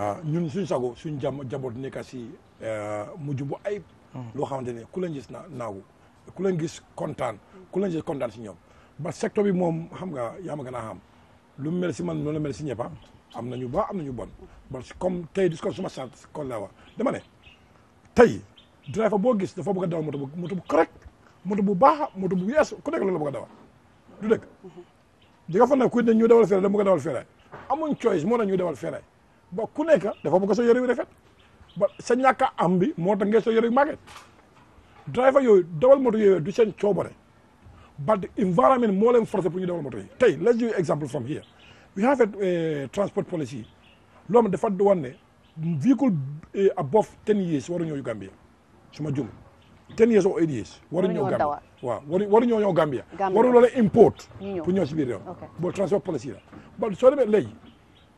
Ah, ñun suñ sago suñ jam jaboot nekka si eh, mujj bu ayib hmm. loo xamante ku lañ gis na naagu ku lañ gis contane ku lañ gis contane ci ñom ba secteur bi mom xam nga ya ma gëna xam lu mel ci man noonu la mel ci ñëppa ah, am nañu ba am nañu bon ba comme tay discours suma sant ko la wax dama ne tay driver bo gis dafa bëgg a moto bu moto bu correct moto bu baax moto bu yes ku nek la bëgg a du dëgg hmm. diga fa ne ku ñu dawal feeraay dama bëgg dawal feeraay amuñ choice mo nañu dawal feeraay ba ku nekk dafa bëgg sa yëre bi rafet ba sa ñàkk a am bi moo tax ngay sa yëre bi driver yooyu dawal moto yooyu du seen coobare but the environment moo leen forcé pour ñu dawal moto yi tey let's give example from here we have a eh, transport policy loo xam dafa wan ne véhicule eh, above ten years waru ñëw Gambia suma jum ten years or eight years waru ñëw Gambia waaw waru waru ñëw ñëw Gambia waru loola import pour ñëw si biir réew boo transport policy la ba soo demee léegi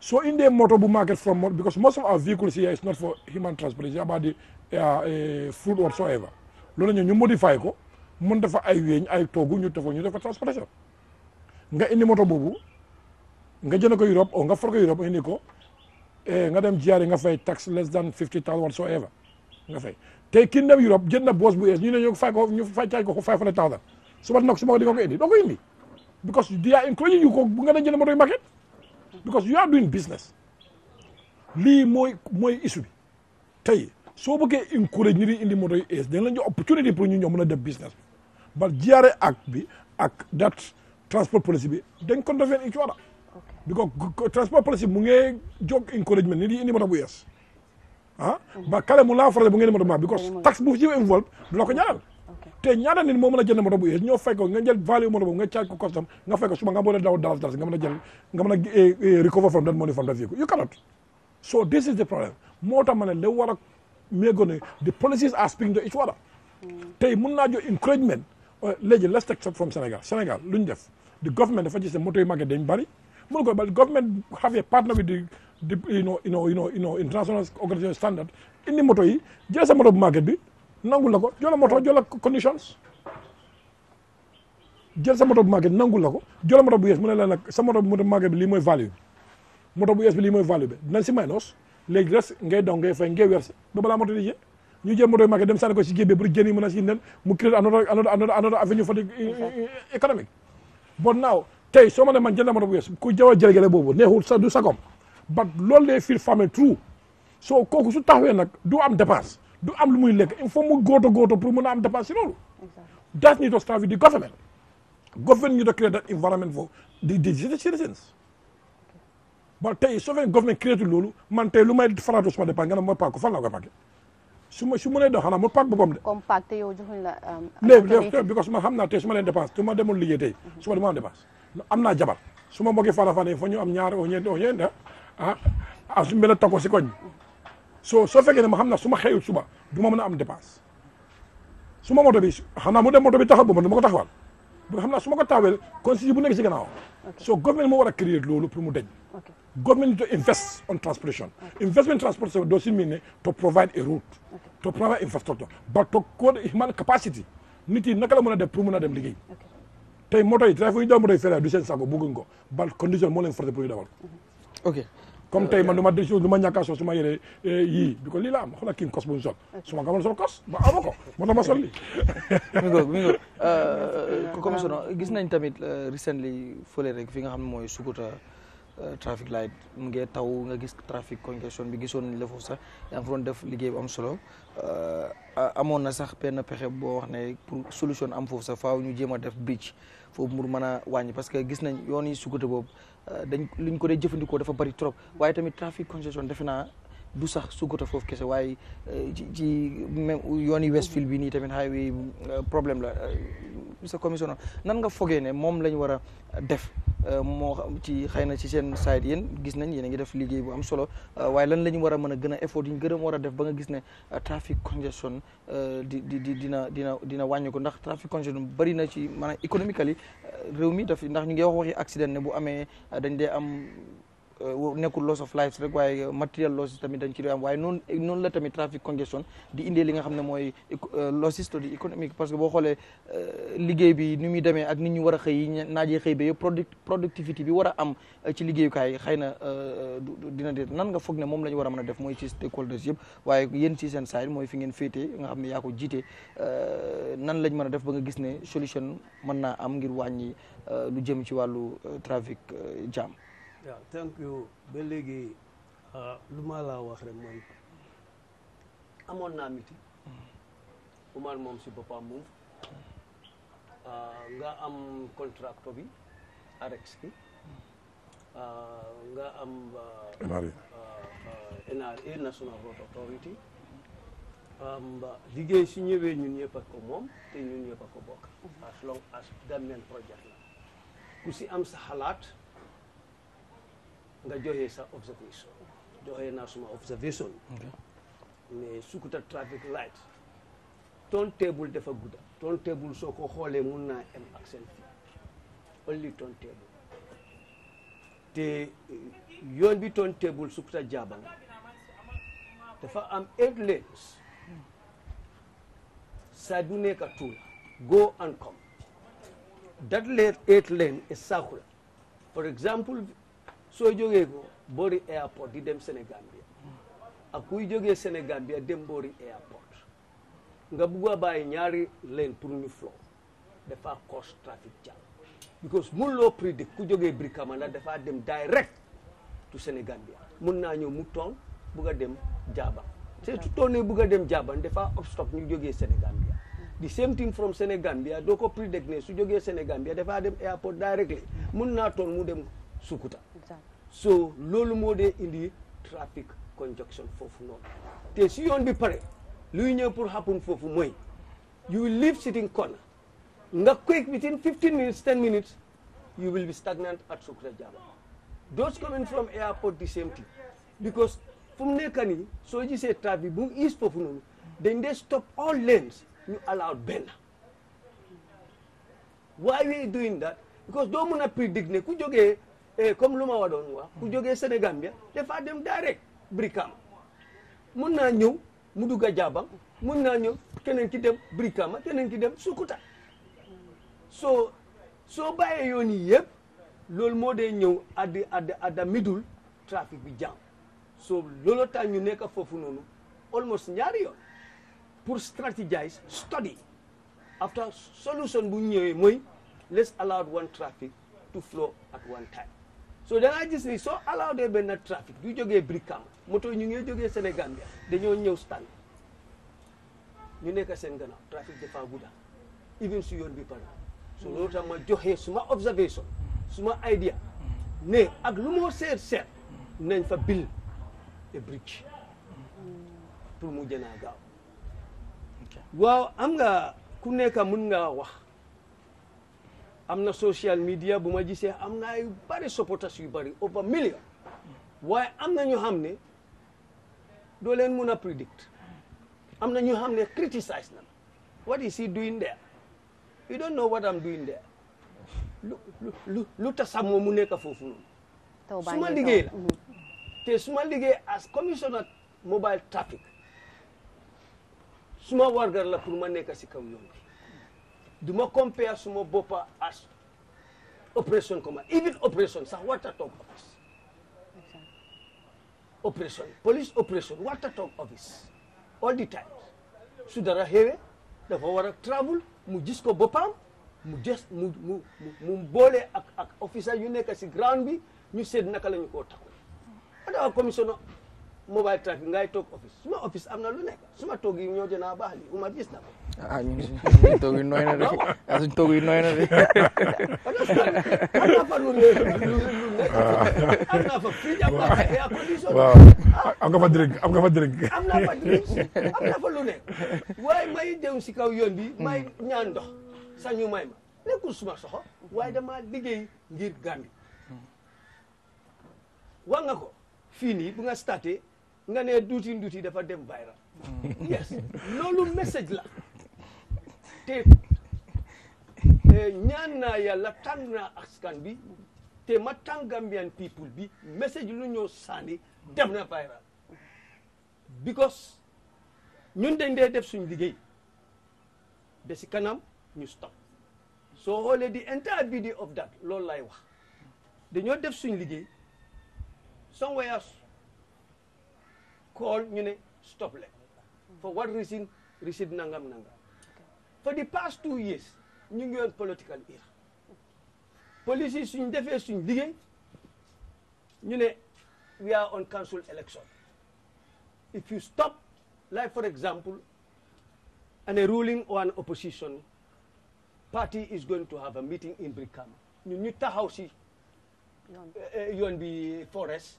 So in the motor market from, because most of our vehicles here is not for human transport, it's about the uh, uh, food whatsoever. Lolo new modify ko, mën dafa ay weñ ay togu ñu you ñu for transportation. Nga indi moto bobu, nga jëna ko Europe, o nga for ko Europe indi ko, eh, nga dem jari nga fay tax less than 50,000 whatsoever. Nga fay. take in dem Europe jënd na boss bu yes, ñu ne ñu fay ko ñu fay charge ko 500,000. Suba you suma di ko indi, do ko indi. Because they are including you ko bu nga dem jënd market. because you are doing business lii mooy mooy issue bi tey soo bëggee encourage ñi di indi moto yi es dañ la ñu pour ñu ñoo mën a def business bi ba GRA Act bi ak that transport policy bi dañ contravene each other because transport policy mu ngee jóg encouragement nit di indi moto bu yees ah mm-hmm. kale mu laa farale bu ngeen moto maa because tax bu ci involve du la ko te ñaata nit moo mën a jënd moto bu yees ñoo fekk nga jël value moto boobu nga charge ko custom nga fekk suba nga boole daw dalasi nga mën a jël nga mën a eh, eh, recover from that money from that vehicle you cannot so this is the problem moo tax ma ne la war a méego ne the policies are speaking to each other tey mun naa jox encouragement euh, léegi let's take step from Sénégal Sénégal lu ñu def the government dafa gis ne moto yu màgget dañ bëri mun ko bal government a partner with the you know you know you know indi moto yi jël sa moto bu màgget bi nangul la ko jola moto jola conditions jël sa moto bu magge nangul la ko jola moto bu yes mu ne la nak sa moto bu magge bi li moy value moto bu yes bi li moy value bi dinañ si maynoos res ngay dong ngay fay ngay werse ba bala moto di jee ñu jël moto magge dem sa ko ci géej bu jëni jën yi mën a mu créer another another another another avenue for the e, e, e, economic bon now tay so ma ne man jël moto bu yes ku jël jëlgale bobu neexul sa du sakom but loolu lay feel famé true so koku su taxawee nak du am dépense du am lu muy lekk il faut mu góoto góoto pour mën a am dépense si loolu that need to start with the government government need to create that environment for the the citizens ba tey soo government créé loolu man tey lu may faratu suma dépense nga ne mooy paak ko fan laa koy paak su ma su ma nee doon xanaa mu paak boppam de. comme paak la. Euh, léegi because man xam naa tey su ma leen dépense su ma demoon liggéey tey su ma demoon dépense am naa jabar su ma bokkee fara fara fa ñu am ñaar o ñeent o ñeent ah ah su ma la takko si koñ soo soo fekkee ne ma xam na su ma xëyul suba du ma mën a am dépense su ma moto bi xam naa mu dem moto bi taxaw ma dama ko taxawal bu xam naa su ma ko taxawal constitution bu nekk si gannaaw soo government mu deñ government to invest on transportation investment transportation does it mean to provide a route to provide infrastructure but to code human capacity nit yi naka la mën a def pour mën a dem liggéey tey moto yi trafic yi daw moto yi fere du seen sago bëgguñ ko bal condition moo leen forcé pour ñu dawal mhm. comme tey man du ma du a sol su ma yëree eh, yii bi ko lii la am xoolal kii kos bu ñu sol su ma gamoon sol kos ba ama ko moo tax ma sol lii mi ngoog euh, comme sono gis nañ tamit euh, recently fële rek fi nga xam ne mooy Sukuta euh, traffic light mu ngi taw nga gis trafic congestion bi gisoon nañ la foofu sax yaa def liggéey bu am solo amoon na sax benn pexe boo wax ne pour solution am foofu sax faaw ñu jéem a def bridge foofu mu mën a wàññi parce que gis nañ yoon yi Sukuta boobu dañ luñ ko dee jëfandikoo dafa bari trop waaye tamit trafic congestion defe naa du sax Sukuta foofu kese waaye euh, ci ci même yoon yi Westfield bi nii tamit highway euh, problème la euh, sa commissionnaire nan nga fogee ne moom la ñu war a def moo xam ci xëy na ci seen side yéen gis nañ yéen a ngi def liggéey bu am solo waaye lan la ñu war a mën a gën a effort yi ñu gën war a def ba nga gis ne trafic congestion di di di dina dina dina wàññi ko ndax trafic congestion bëri na ci maanaam économiquement réew mi daf ndax ñu ngi wax waxi accident ne bu amee dañ dee am Euh, nekkul loss of lives rek waaye material losses tamit dañ ci am waaye noonu noonu la tamit traffic congestion di indee li nga xam ne mooy euh, losses di économique parce que boo xoolee euh, liggéey bi ni muy demee ak nit ñu war a xëy naajee xëy ba yëpp product bi war a am ci liggéeyukaay xëy na dina de nan nga foog ne moom la ñu war a mën a def mooy ci stakeholders yëpp waaye yéen ci seen side mooy fi ngeen féetee nga xam ne yaa ko jiite nan lañ mën a def ba nga gis ne solution mën naa am ngir wàññi lu jëm ci wàllu trafic jam waaw thank you ba léegi ah, lu ma laa wax rek man amoon naa miti mm-hmm. Umar moom si boppam moom mm-hmm. ah, nga am contracto bi arex mm-hmm. ah, nga am NRA National Road Authority liggéey su ñëwee ñun ñëpp ko moom te ñun ñëpp ko bokk as long as Gambian project la ku si am sa xalaat nga joxe sa observation joxe naa suma observation mais Sukuta traffic light turntable dafa gudda turntable soo ko xoolee mun naa am ak seen fii only te eh, yoon bi turntable Sukuta Jaabang dafa am eight lanes saa bu nekk two la go and come that lane eight lane is circular for example so joge ko bori airport di dem bi ak kuy senegal bi dem bori airport nga bugg a bàyyi ñaari len pour ñu flow defa cost traffic jam because mulu loo predict ku jógee Brikama defa dem direct to senegambia. mu na buka mu dem jaba c'est tout toonee bugg dem jaba defa obstacle ñu senegal senegambia. di same thing from senegambia, doko ko predict ne su senegal bi defa dem airport directly mu na toon mu dem Sukuta so loolu moo dee indi traffic congestion foofu noonu te si yoon bi pare lu ñëw pour happen foofu mooy you will leave sitting corner nga quick within 15 minutes 10 minutes you will be stagnant at Sukra Jaba those coming from airport the same thing because fu mu nekk nii soo gisee trafic bu mu foofu noonu dañ dee stop all lanes ñu allow benn why we doing that because doo mën a predict ne ku jógee e comme lu ma wa doon wax ku jógee Sénégambia dafa dem direct Brikama mun naa ñëw mu dugg a mun naa ñëw keneen ki dem Brikama keneen ki dem Sukuta soo soo bàyyee yoon yi yëpp loolu moo dee ñëw addi addi adda midul trafic bi jàmm soo looloo tax ñu nekk foofu noonu almost ñaari yoon pour strategize study after solution bu ñëwee mooy let's allow one traffic to flow at one time soo dangaa gis ni soo allowdee benn trafic du jógee Brikama moto ñu ngi jógee Sénégal bi dañoo ñëw stand ñu nekk seen gannaaw trafic dafa gudda even su yoon bi pare so loolu tax ma suma observation suma idea ne ak lu moo seet seet nañ fa build a bridge pour mu jën a gaaw waaw am nga ku nekk mun nga wax am na social media bu ma gisee am na ay bari supporters yu bari over million waaye am na ñu xam ne doo leen mun a predict am na ñu xam ne criticize na what is he doing there you don't know what I'm doing there lu lu lu tax mu nekk foofu noonu. su liggéey la te su ma liggéey as commissioner mobile traffic su ma la pour ma nekk si kaw yoon du ma compare suma boppa as opération command even opération sax warut a toog office opération police opération warut a toog office all the time su dara xewee dafa war a travel mu gis ko boppam mu des mu mu mu ak ak officer yu nekk si ground bi ñu seet naka la ñu koo taxaw adawa commissioner mobile traffic ngay toog office suma office am na lu nekk suma toog yi ñoo dinaa baax li uma gis na ko ah ñu ngi si toog yi nooy na de ah suñ toog yi nooy na de. waaw am nga fa drink am nga fa drink. am naa fa drink am naa fa lu ne waaye may dem si kaw yoon bi may ñaan ndox sañu may ma nekkul suma soxo waaye dama liggéey ngir Gàmbi. wax nga ko fii nii bu nga starté nga ne duuti duuti dafa dem viral. Mm. yes loolu message la. te ñaan naa yàlla ya tànn askan bi te ma Gambian people bi message lu ñoo sani dem na viral because ñun dañ dé def suñu liggéey ba ci kanam ñu stop so holé di entire video of that lol lay wax dañoo def swing liggéey somewhere call ñu ne stop leen for what reason receive nangam nangam for the past two years new political era police yi suñ defee suñ we are on council election if you stop like for example and a ruling or an opposition party is going to have a meeting in Brikama you ñu taxaw si yoon eh, eh, forest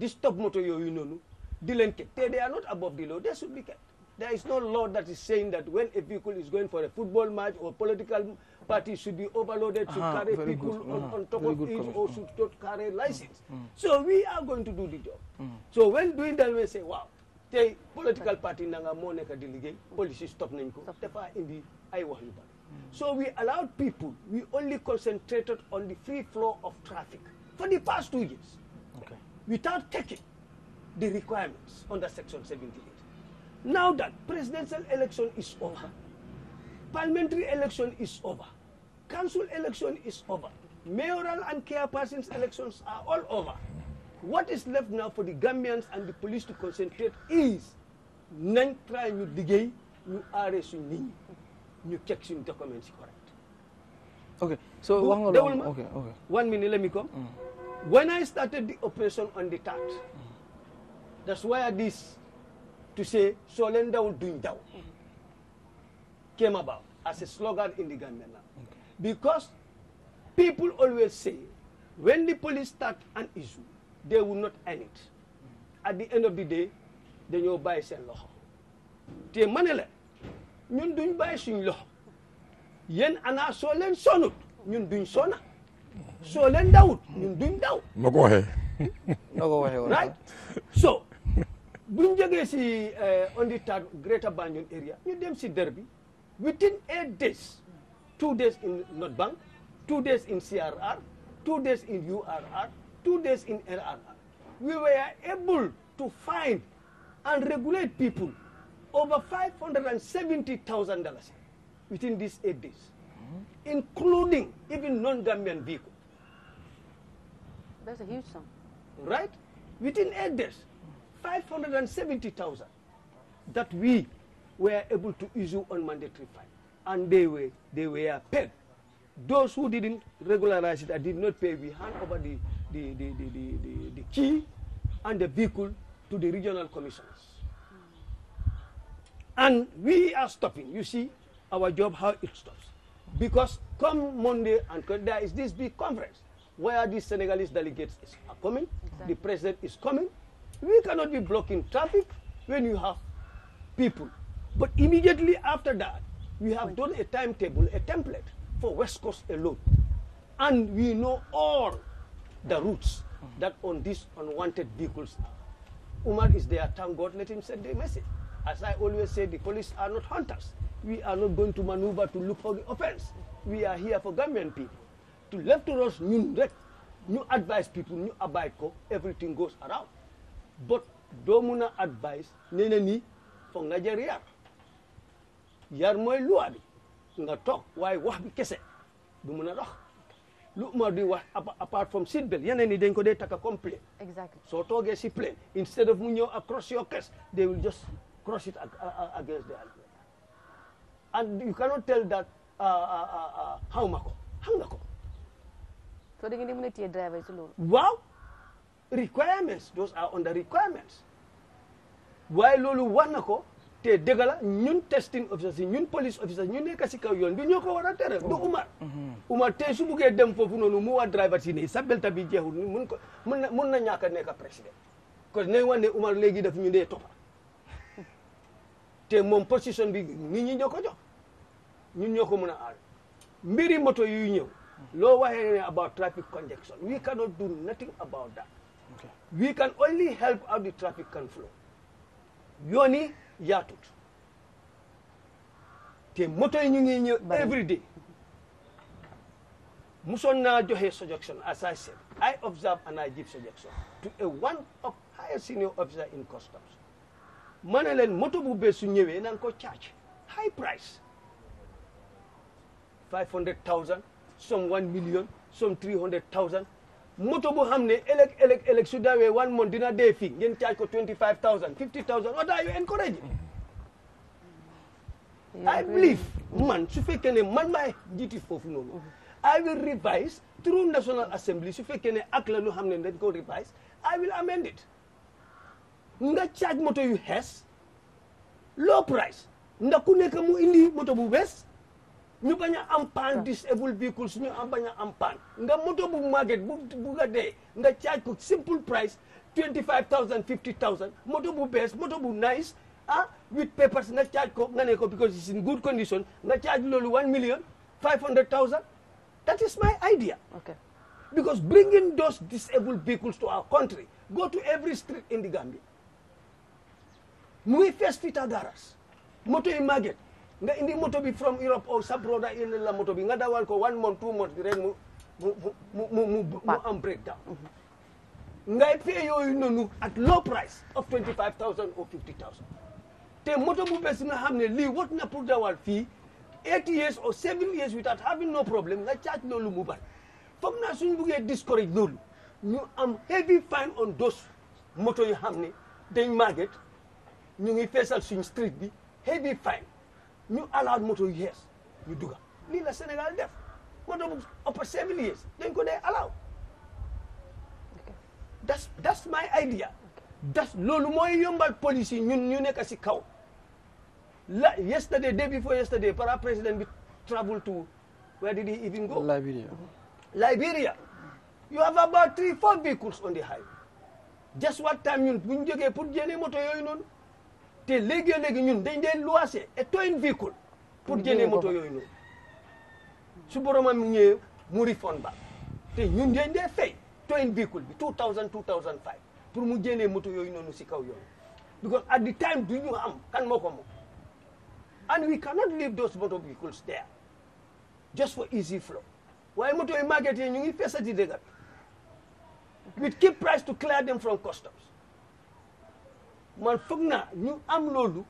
This top motor, you know, di they are not above the law they should be kept there is no law that is saying that when a vehicle is going for a football match or political party should be overloaded to carry people on, on top of it comment. or mm. should not carry license. Mm. mm. So we are going to do the job. Mm. So when doing that, we say, wow, the political party nanga more nekk di policy stop nañ ko dafa ay so we allowed people we only concentrated on the free flow of traffic for the past two years okay. without taking the requirements under section 78 now that presidential election is over, parliamentary election is over, council election is over, mayoral and care persons elections are all over. What is left now for the Gambians and the police to concentrate is nañ try ñu liggéey you arrest suñ nit you check your documents correct. ok so ok ok one minute let me come. Mm. when I started the operation on the third. that's why this tu sais soo dawul duñ daw came about as a slogan in the Gambia now because people always say when the police start an they will not end it mm. at the end of the day dañoo bàyyi seen loxo te mane ne la ñun duñ bàyyi suñ loxo yéen ana soo leen sonut ñun duñ sona mm-hmm. soo leen dawut duñ daw. ma waxee. bu jógee si eh, on the tag Greater Banjul area ñu dem si Derby within eight days two days in not Bank two days in CRR two days in URR two days in RRR we were able to find and regulate people over five hundred and seventy thousand dollars within these eight days including even non-Gambian vehicles. That's a huge sum. Right? Within eight days. 570,000 that we were able to issue on mandatory fine. And they were, they were paid. Those who didn't regularize it and did not pay, we hand over the, the, the, the, the, the, the key and the vehicle to the regional commissioners. And we are stopping. You see our job, how it stops. Because come Monday, and there is this big conference where the Senegalese delegates are coming, exactly. the president is coming, we cannot be blocking traffic when you have people. But immediately after that, we have done a timetable, a template for West Coast alone. And we know all the routes that on these unwanted vehicles are. Umar is there, thank God, let him send a message. As I always say, the police are not hunters. We are not going to maneuver to look for the offense. We are here for Gambian people. To left to us, new advice people, new abide, everything goes around. but do muna advice ne ni, fo nga jar yar yar moy loi bi nga tok way wax bi kesse du muna dox lu ma di wax apart from seat belt yene ni dañ ko dey taka complet exactly so toge si plane instead of mu ñew across your case, they will just cross it against the airplane and you cannot tell that ah, ah, ah, ah, nga ko so da so di mën a téye driver ci wow. waaw requirements those are on the waaye loolu wax na ko te dëgg la ñun testing officers yi ñun police officers ñu nekk si kaw yoon bi ñoo ko war a tere du Umar mm-hmm. Umar tey su dem foofu noonu mu waa driver si ne sa belta bi jeexul mun ko mun na mun na ñàkk a nekk président kon Umar léegi daf ñu dee toppa te moom position bi nit ñi ñoo ko jox ñun ñoo ko mën a aar mbiri moto yuy ñëw loo waxee ne about traffic congestion we cannot do nothing about that we can only help how the traffic can flow yoon yi yaatut te moto yi ñu ngi ñëw every day musoon naa joxe suggestion as I said I observe and I give suggestion to a one of higher senior officer in customs ma ne leen moto bu bees su ñëwee na ko charge high price five hundred thousand some one million some three hundred moto bu xam ne ëllëg ëllëg ëllëg su daawee one month dina dee fii ngeen charge ko twenty five thousand fifty thousand what are you encouraging I believe man su fekkee ne man maay jiiti foofu noonu I will revise through National Assembly su fekkee ne ak la lu xam ne dañ ko revise I will amend it nga charge moto yu xees low price ndax ku nekk mu indi moto bu bees ñu bañ a am paan ah. disabled vehicles ñu am bañ a am nga moto bu màgget bu bu nga dee nga charge ko simple price twenty five thousand fifty thousand moto bu bees moto bu nice ah with papers nga charge ko nga ne ko because it's in good condition nga charge loolu one million five hundred thousand that is my idea okay because bringing those disabled vehicles to our country go to every street in the Gambia muy fees fii ta garas moto yi màgget nga indi moto bi from Europe or sa broda indi la moto bi nga dawal ko one month two month ren mu mu mu mu mu am breakdown. ngay pay yooyu noonu at low price of twenty five thousand or fifty thousand te moto bu bees nga xam ne lii wat na pour dawal fii eight years or seven years without having no problem nga charge loolu mu bari foog na suñ buggee discourage loolu ñu am heavy fine on those moto yu xam ne dañ màgget ñu ngi feesal suñ street bi heavy fine. ñu alaat moto yu ñu duga lii la Sénégal def moto bu ëpp seven years dañ ko dee alaaw that's that's my idea das loolu mooy yombal police yi ñun ñu nekk si kaw la yesterday day before yesterday para président bi travel to where did he even go Liberia Liberia you have about three four vehicles on the highway just what time ñun bu ñu jógee pour jëlee moto yooyu noonu te léegi léegi ñun dañ dee luwaase et towing véhicule pour jëlee moto yooyu noonu su boromam ñëwee mu refund ba te ñun dañ dee fay towing véhicule bi 2000 2005 pour mu jëlee moto yooyu noonu si kaw yoon because at the time du ñu am kan moo ko moom and we cannot leave those motor vehicles there just for easy flow waaye moto yi màgget yi ñu ngi fesati dëgg with keep price to clear them from customs man foog naa ñu am loolu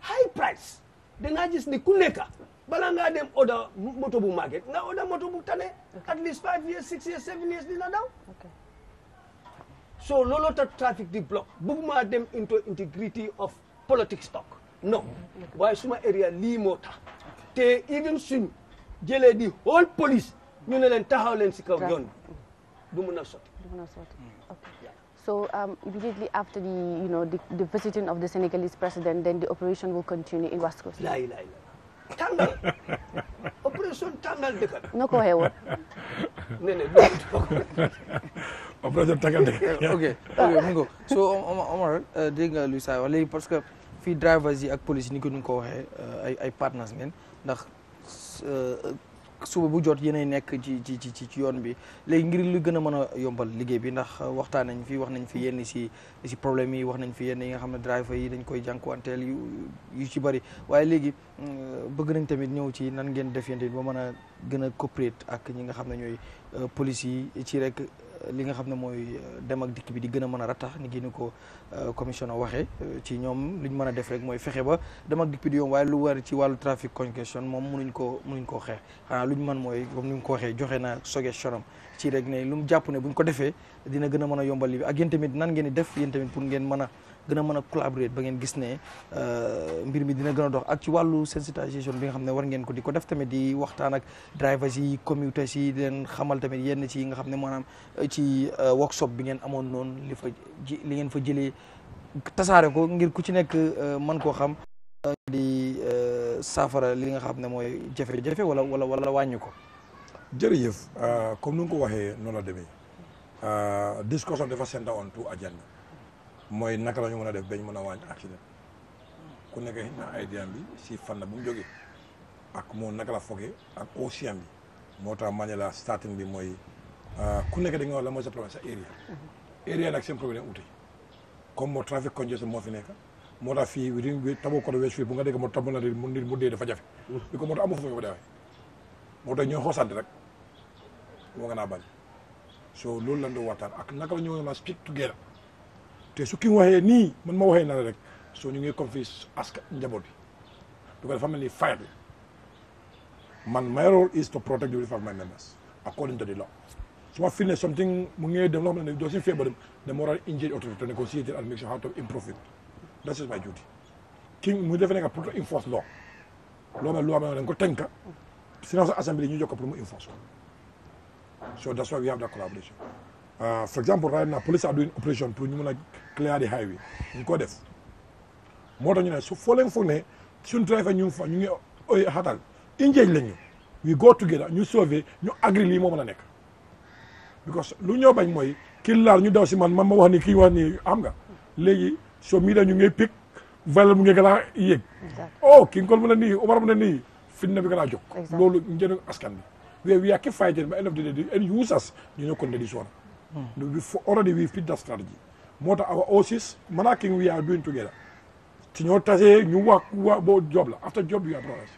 high price dangaa gis ni ku nekk balaa ngaa dem oda moto bu màgget nga oda moto bu tane at least five years six years seven years dina daw so looloo tax di block bëgguma dem into integrity of politics talk no waaye suma area lii moo tax te even suñ jëlee di whole police ñu ne leen taxaw leen si kaw yoon bi du mun a sotti So um, immediately after the, you know, the, the, visiting of the Senegalese president, then the operation will continue in West Coast. Wasco. La ilaha tangal operation tangal dekat noko hewo ne ne operation tangal dekat okay okay mungo so Omar uh, dégg nga uh, luy say wax léegi parce que fii drivers ak police ni kau ñu ko uh, ay partners men. ndax suba bu jot yéenay nekk ci ci ci ci yoon bi léegi ngir lu gën a mën a yombal liggéey bi ndax waxtaan nañ fi wax nañ fi yenn si si problème yi wax nañ fi yenn yi nga xam ne driver yi dañ koy jànkuwanteel yu yu ci bëri waaye léegi euh, bëgg nañ tamit ñëw ci nan ngeen def yéen ba mën a gën a ak ñi nga xam ne ñooy euh, police yi ci rek li nga xam ne mooy euh, dem ak dikk bi di gën a mën a rattax ni gi ko euh, commission a waxee euh, ci ñoom li ñu mën a def rek mooy fexe ba dem ak dikk bi di yomb waaye lu war ci wàllu trafic congestion moom mënuñ koo mënuñ koo xeex xanaa lu ñu mën mooy comme ni mu ko waxee joxe na suggestion am ci rek ne lu mu jàpp ne bu ñu ko defee dina gën a mën a yombal li bi ak yéen tamit nan ngeen di def yéen pour ngeen mën a gën a mën a collaborer ba ngeen gis ne euh, mbir mi dina gën a dox ak ci wàllu sensibilisation bi nga xam ne war ngeen ko di ko def tamit di waxtaan ak drivers yi commuters si di leen xamal tamit yenn ci nga xam ne maanaam euh, ci euh, workshop bi ngeen amoon noonu li fa ji li ngeen fa jëlee tasaare ko ngir ku ci nekk man koo xam di saafara li nga xam ne mooy jafe-jafe wala wala wala wàññi ko. jërëjëf comme ni ko waxee noonu la demee discussion dafa centre on two agenda. mooy naka la ñu mën a def bañ mën a wàññi accident ku nekk xëy na ay diam bi si na bu mu jógee ak moo naka la fogee ak océan bi moo tax ma ne la starting bi mooy euh, ku nekk da nga moo la mooy sa problème sa area area nag seen problème uti comme moo fi nekk moo tax fii ri tabo ko wees fii bu nga dégg moo tab na mu nit mu dee dafa jafe bi ko moo tax amu fa fa dawee moo tax ñooy xoosante rek moo nga naa bañ so loolu lan do waxtaan ak naka la ñu mën a speak together te su ki waxee nii man ma waxee na rek soo ñu ngi confis aska njaboot bi because dafa mel ni fire bi man my role is to protect the welfare of my members according to the law su ma feel ne something mu ngi dem loo xam ne doo si feebar dama war a engage authority to and make sure how to improve that is my duty ki mu defe ne nga pour to enforce law loo mel loo xam ne dañ ko tënka sinon sa assemblée ñu jokk pour mu enforce so that's why we have that collaboration Uh, for example right now police are doing operation pour ñu mën a clear the highway ñu ko def moo ta ñu ne su foo leen foog ne suñu trafic ñu ngi ñu ngi oy xatal injeeñ la ñu we go together ñu sauver ñu agri lii moo mën a nekk because lu ñoo bañ mooy kii laal ñu daw si man man ma wax ni kii wax ni am nga léegi soo mii da ñu ngay pik valeur mu ngi gën a yéeg oh ki ngol mu ne nii Omar ne bi gën a jóg loolu njëriñ askan bi we we are keep fighting end of the day and use us ñu ñoo continuer di sonn Mm. We already we fit that strategy. Mota our OSIS, Manaking we are doing together. Tinyo tase, work, job la. After job you are progress.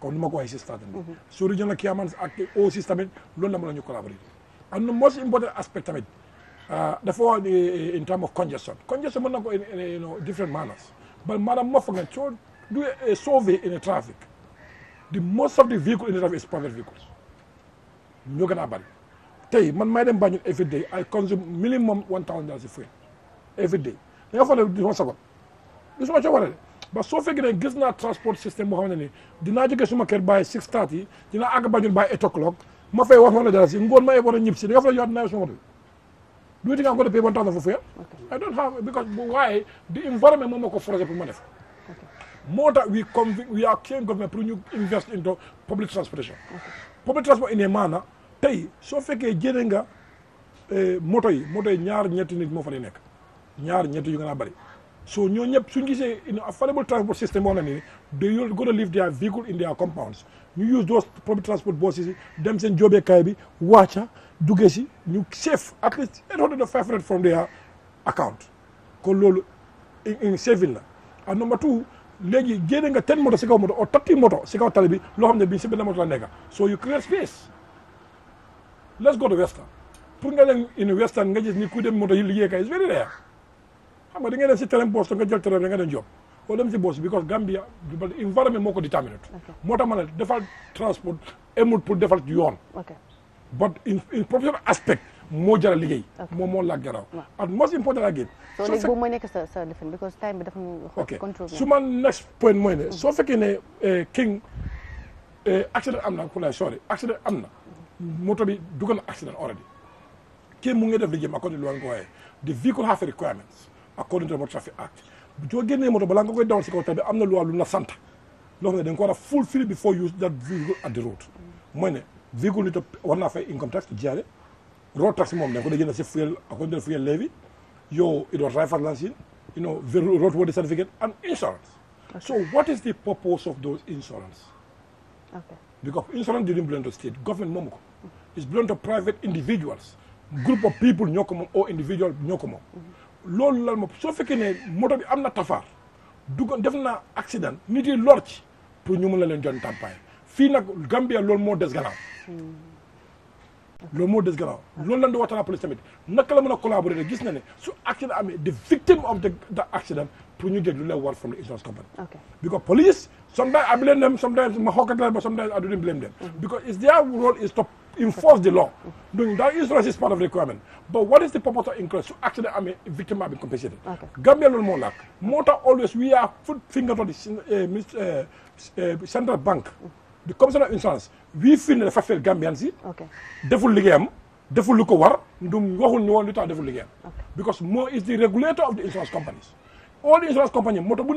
Comme nous avons start. Mm-hmm. So regional chairmans ak OSIS tamit loolu la mën nañu And the most important aspect tamit ah, dafa eh, in term congestion. Congestion mën na ko in, in, you know, different manners. But maanaam moo fa nga coo do a eh, survey in a traffic. The most of the vehicle in the traffic is private vehicles. ñoo gën bari. tey man may dem Banjul every day I consume minimum one thousand dollars of fuel every day dañoo foog ne du ma sabab du suma coobare de ba soo fekkee ne naa transport système boo xam ne nii dinaa jógee suma kër bàyyi six thirty yi dinaa àgg Banjul bàyyi eight o'clock ma fay wax ma la dara si ngoon ma war a ñib si dañoo foog ne yow dinaa suma moto bi do it nga ko def one thousand for fuel I don't have because waaye di environment moom moo ko forcé pour ma def moo tax we convict we a tey soo fekkee jëlee nga eh, moto yi moto yi ñaar ñetti nit moo fa di nekk ñaar ñetti yu gën a bëri so ñoo ñëpp suñ gisee affordable transport system boo xam ne nii they will go to leave their vehicle in their compounds ñu use those public transport buses dem seen joobeekaay bi wàcca duggee si ñu save at least eight hundred or five hundred from their account kon loolu in saving la ah number two léegi génne ten moto si kaw moto or thirty moto si kaw tali loo xam ne si benn moto la nekk let's go to western pour nga leen in western nga gis ni ku dem moto yi liggéey kay is very rare xam da ngay dem si train boss nga jël train bi nga dem job wala dem si boss because Gambia environment moo ko déterminé moo tax ma defal transport emul pour defal yoon but in professional aspect moo jara liggéey moom moo laaj garaaw at most important again so léegi boobu mooy nekk sa ma next point mooy ne mm. soo fekkee ne eh, king eh, accident am na ku lay sorry accident am na moto bi dugal na accident already kii mu ngi def li jëm according lu war nga ko waaye the vehicle has requirements according to the motor traffic act soo génnee moto balaa nga koy dawal si kaw tabi am na lu lu na sant loo xam ne da nga ko war a fulfill before use that vehicle at the road mooy ne véhicule nit war naa fay income tax jaare road tax moom da nga ko dajale si fuel according to fuel levy yow it was driver's license you know roadworthy certificate and insurance so what is the purpose of those insurance okay because insurance didn't belong to state government moomu ko is belong to private individuals group of people ñoo individual ñoo ko moom loolu la moom soo fekkee ne moto bi am na tafaar duggoon def naa accident nit yi lor ci pour ñu mën la leen jon tàmpaay fii nag Gambia loolu des gannaaw loolu moo des gannaaw loolu lan di waxtaan police tamit naka la mën a collaborer gis na ne su accident amee the victim of the accident pour ñu get lu leen war from the insurance company because police I blame them sometimes I blame them mm-hmm. it's their role is to enforce the law. Doing that insurance is part of the requirement. But what is the purpose of insurance? To actually, I'm a victim of compensated. Okay. Gambia alone more lack. Mota always, we are foot finger on the eh, eh, eh, central bank. The commissioner of insurance, we feel the fact that Gambians, okay. deful ligam, deful luko war, ndum waxul ñu won lu tax deful ligam. Because Mo is the regulator of the insurance companies. All the insurance companies, moto to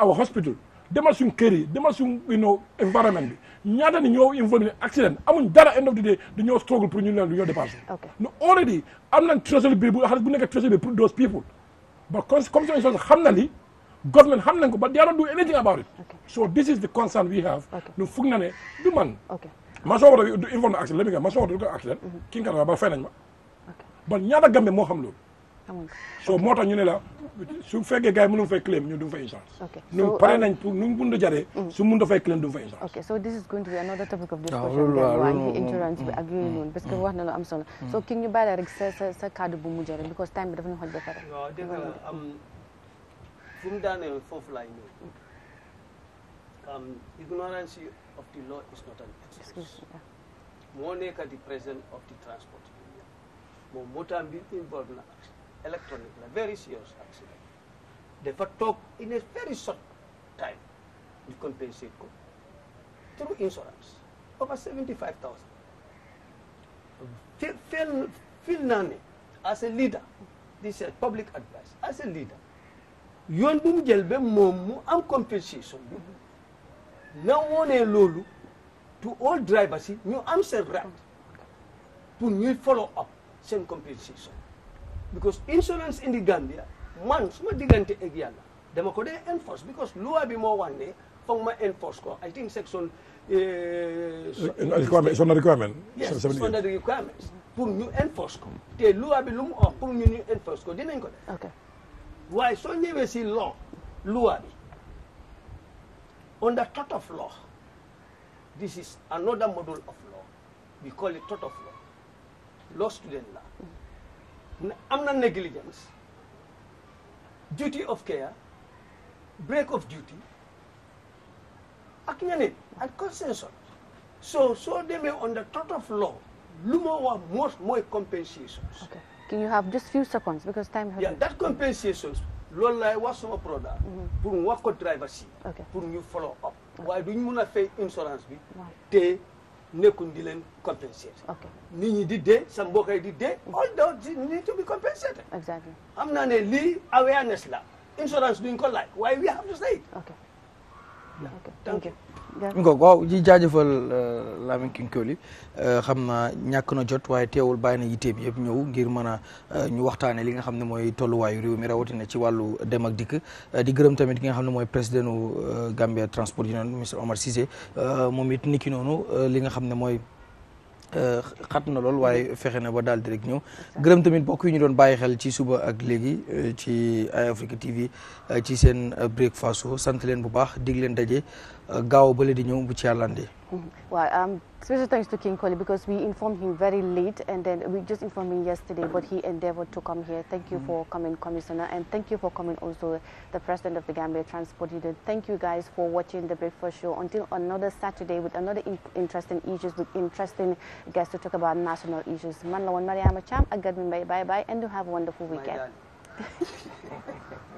our hospital, demal suñ kër yi demal suñ you know environment bi ñaata ni ñoo involve accident amuñ dara end of the day dañoo struggle pour ñu leen du ñoo dépassé no already am nañ treasury bi bu xaalis bu nekk treasury bi pour those people but commission insurance xam na li government xam nañ ko but they don't do anything about it so this is the concern we have nu fug na du man ma soo wata informe accident let me ma soo wata du ko accident mm-hmm. ki nga ba fay moo xam loolu so moo tax ñu ne la su fekkee gaay mënu fay claim ñu duñ fay insurance. ok ñu paré uh, nañ pour ñu mënut a su mënu fay claim duñ fay insurance. Okay, so this is going to be another topic of ah, discussion. the insurance bi agree yooyu parce que wax na lu am solo. so king ñu bàyyi rek sa sa sa kàddu bu mu jaré because time bi dafa ñu xol ba pare. waaw dëgg la am fu mu daaneel foofu laay ñëw. ignorance of the law is not an excuse. moo nekk the present of the transport mo motam bi important na accident. électronique la very serious accident dafa toog in a very short time ñu compensate ko through insurance over seventy five feel feel naa ne as a leader this is public advice as a leader yoon bu mu jël ba moom mu am compensation bi na woonee loolu to all drivers yi ñu am seen rat pour ñu follow up seen compensation because insurance in the Gambia man suma diggante ak yàlla dama ko dee enforce because loi bi moo wax ne foog ma enforce ko I think section. Eh, eh, eh, requirement it's on the requirement. yes it's on the requirements pour ñu enforce ko te loi bi lu mu wax pour ñu enforce ko dinañ ko def. ok waaye soo ñëwee si law loi bi on the tort of law this is another model of law we call it tort of law law student la. Amna negligence duty of care break of duty ak ñeneen ak consensus so they demee on the thought of law Luma wa most mooy compensations. okay can you have just few seconds because time. yeah that compensations loolu laay wax sama produit. Mm-hmm. pour mu wax ko driver si. pour ñu follow up. do duñ mun a fay insurance bi. te. nekkuñ di leen compenser. ok nit ñi di sa mbokk di dee. although si need to be compensated. exactly xam naa ne lii awareness la insurance duñ ko laaj waaye we have to say it. ok ngoo waaw ji jaajëfal euh, Lamine Kinkoli euh, xam naa ñàkk na jot waaye teewul bàyyi na yitteem yëpp ñëw ngir mën a euh, ñu waxtaane li nga xam ne mooy tolluwaayu réew mi rawatina ci wàllu dem ak dikk di gërëm tamit ki nga xam ne mooy président u Gambia Transport Union monsieur Omar Cissé moom it nikki noonu li nga xam ne mooy xat na lool waaye fexe na ba daal di rek ñëw gërëm tamit bokk yi ñu doon bàyyi xel ci suba ak léegi ci Eye Africa TV ci seen breakfast sant leen bu baax dig leen daje Uh, gaaw ba di ñëw bu ci yàlla andee. Well, um, special thanks to King Koli because we informed him very late and then we just informed him yesterday, but he endeavored to come here. Thank you mm. for coming, Commissioner, and thank you for coming also, the President of the Gambia Transport Union. Thank you guys for watching the Breakfast Show until another Saturday with another in interesting issues, with interesting guests to talk about national issues. Manlawan Mariama Cham, Agadmin, bye bye, and do have a wonderful weekend.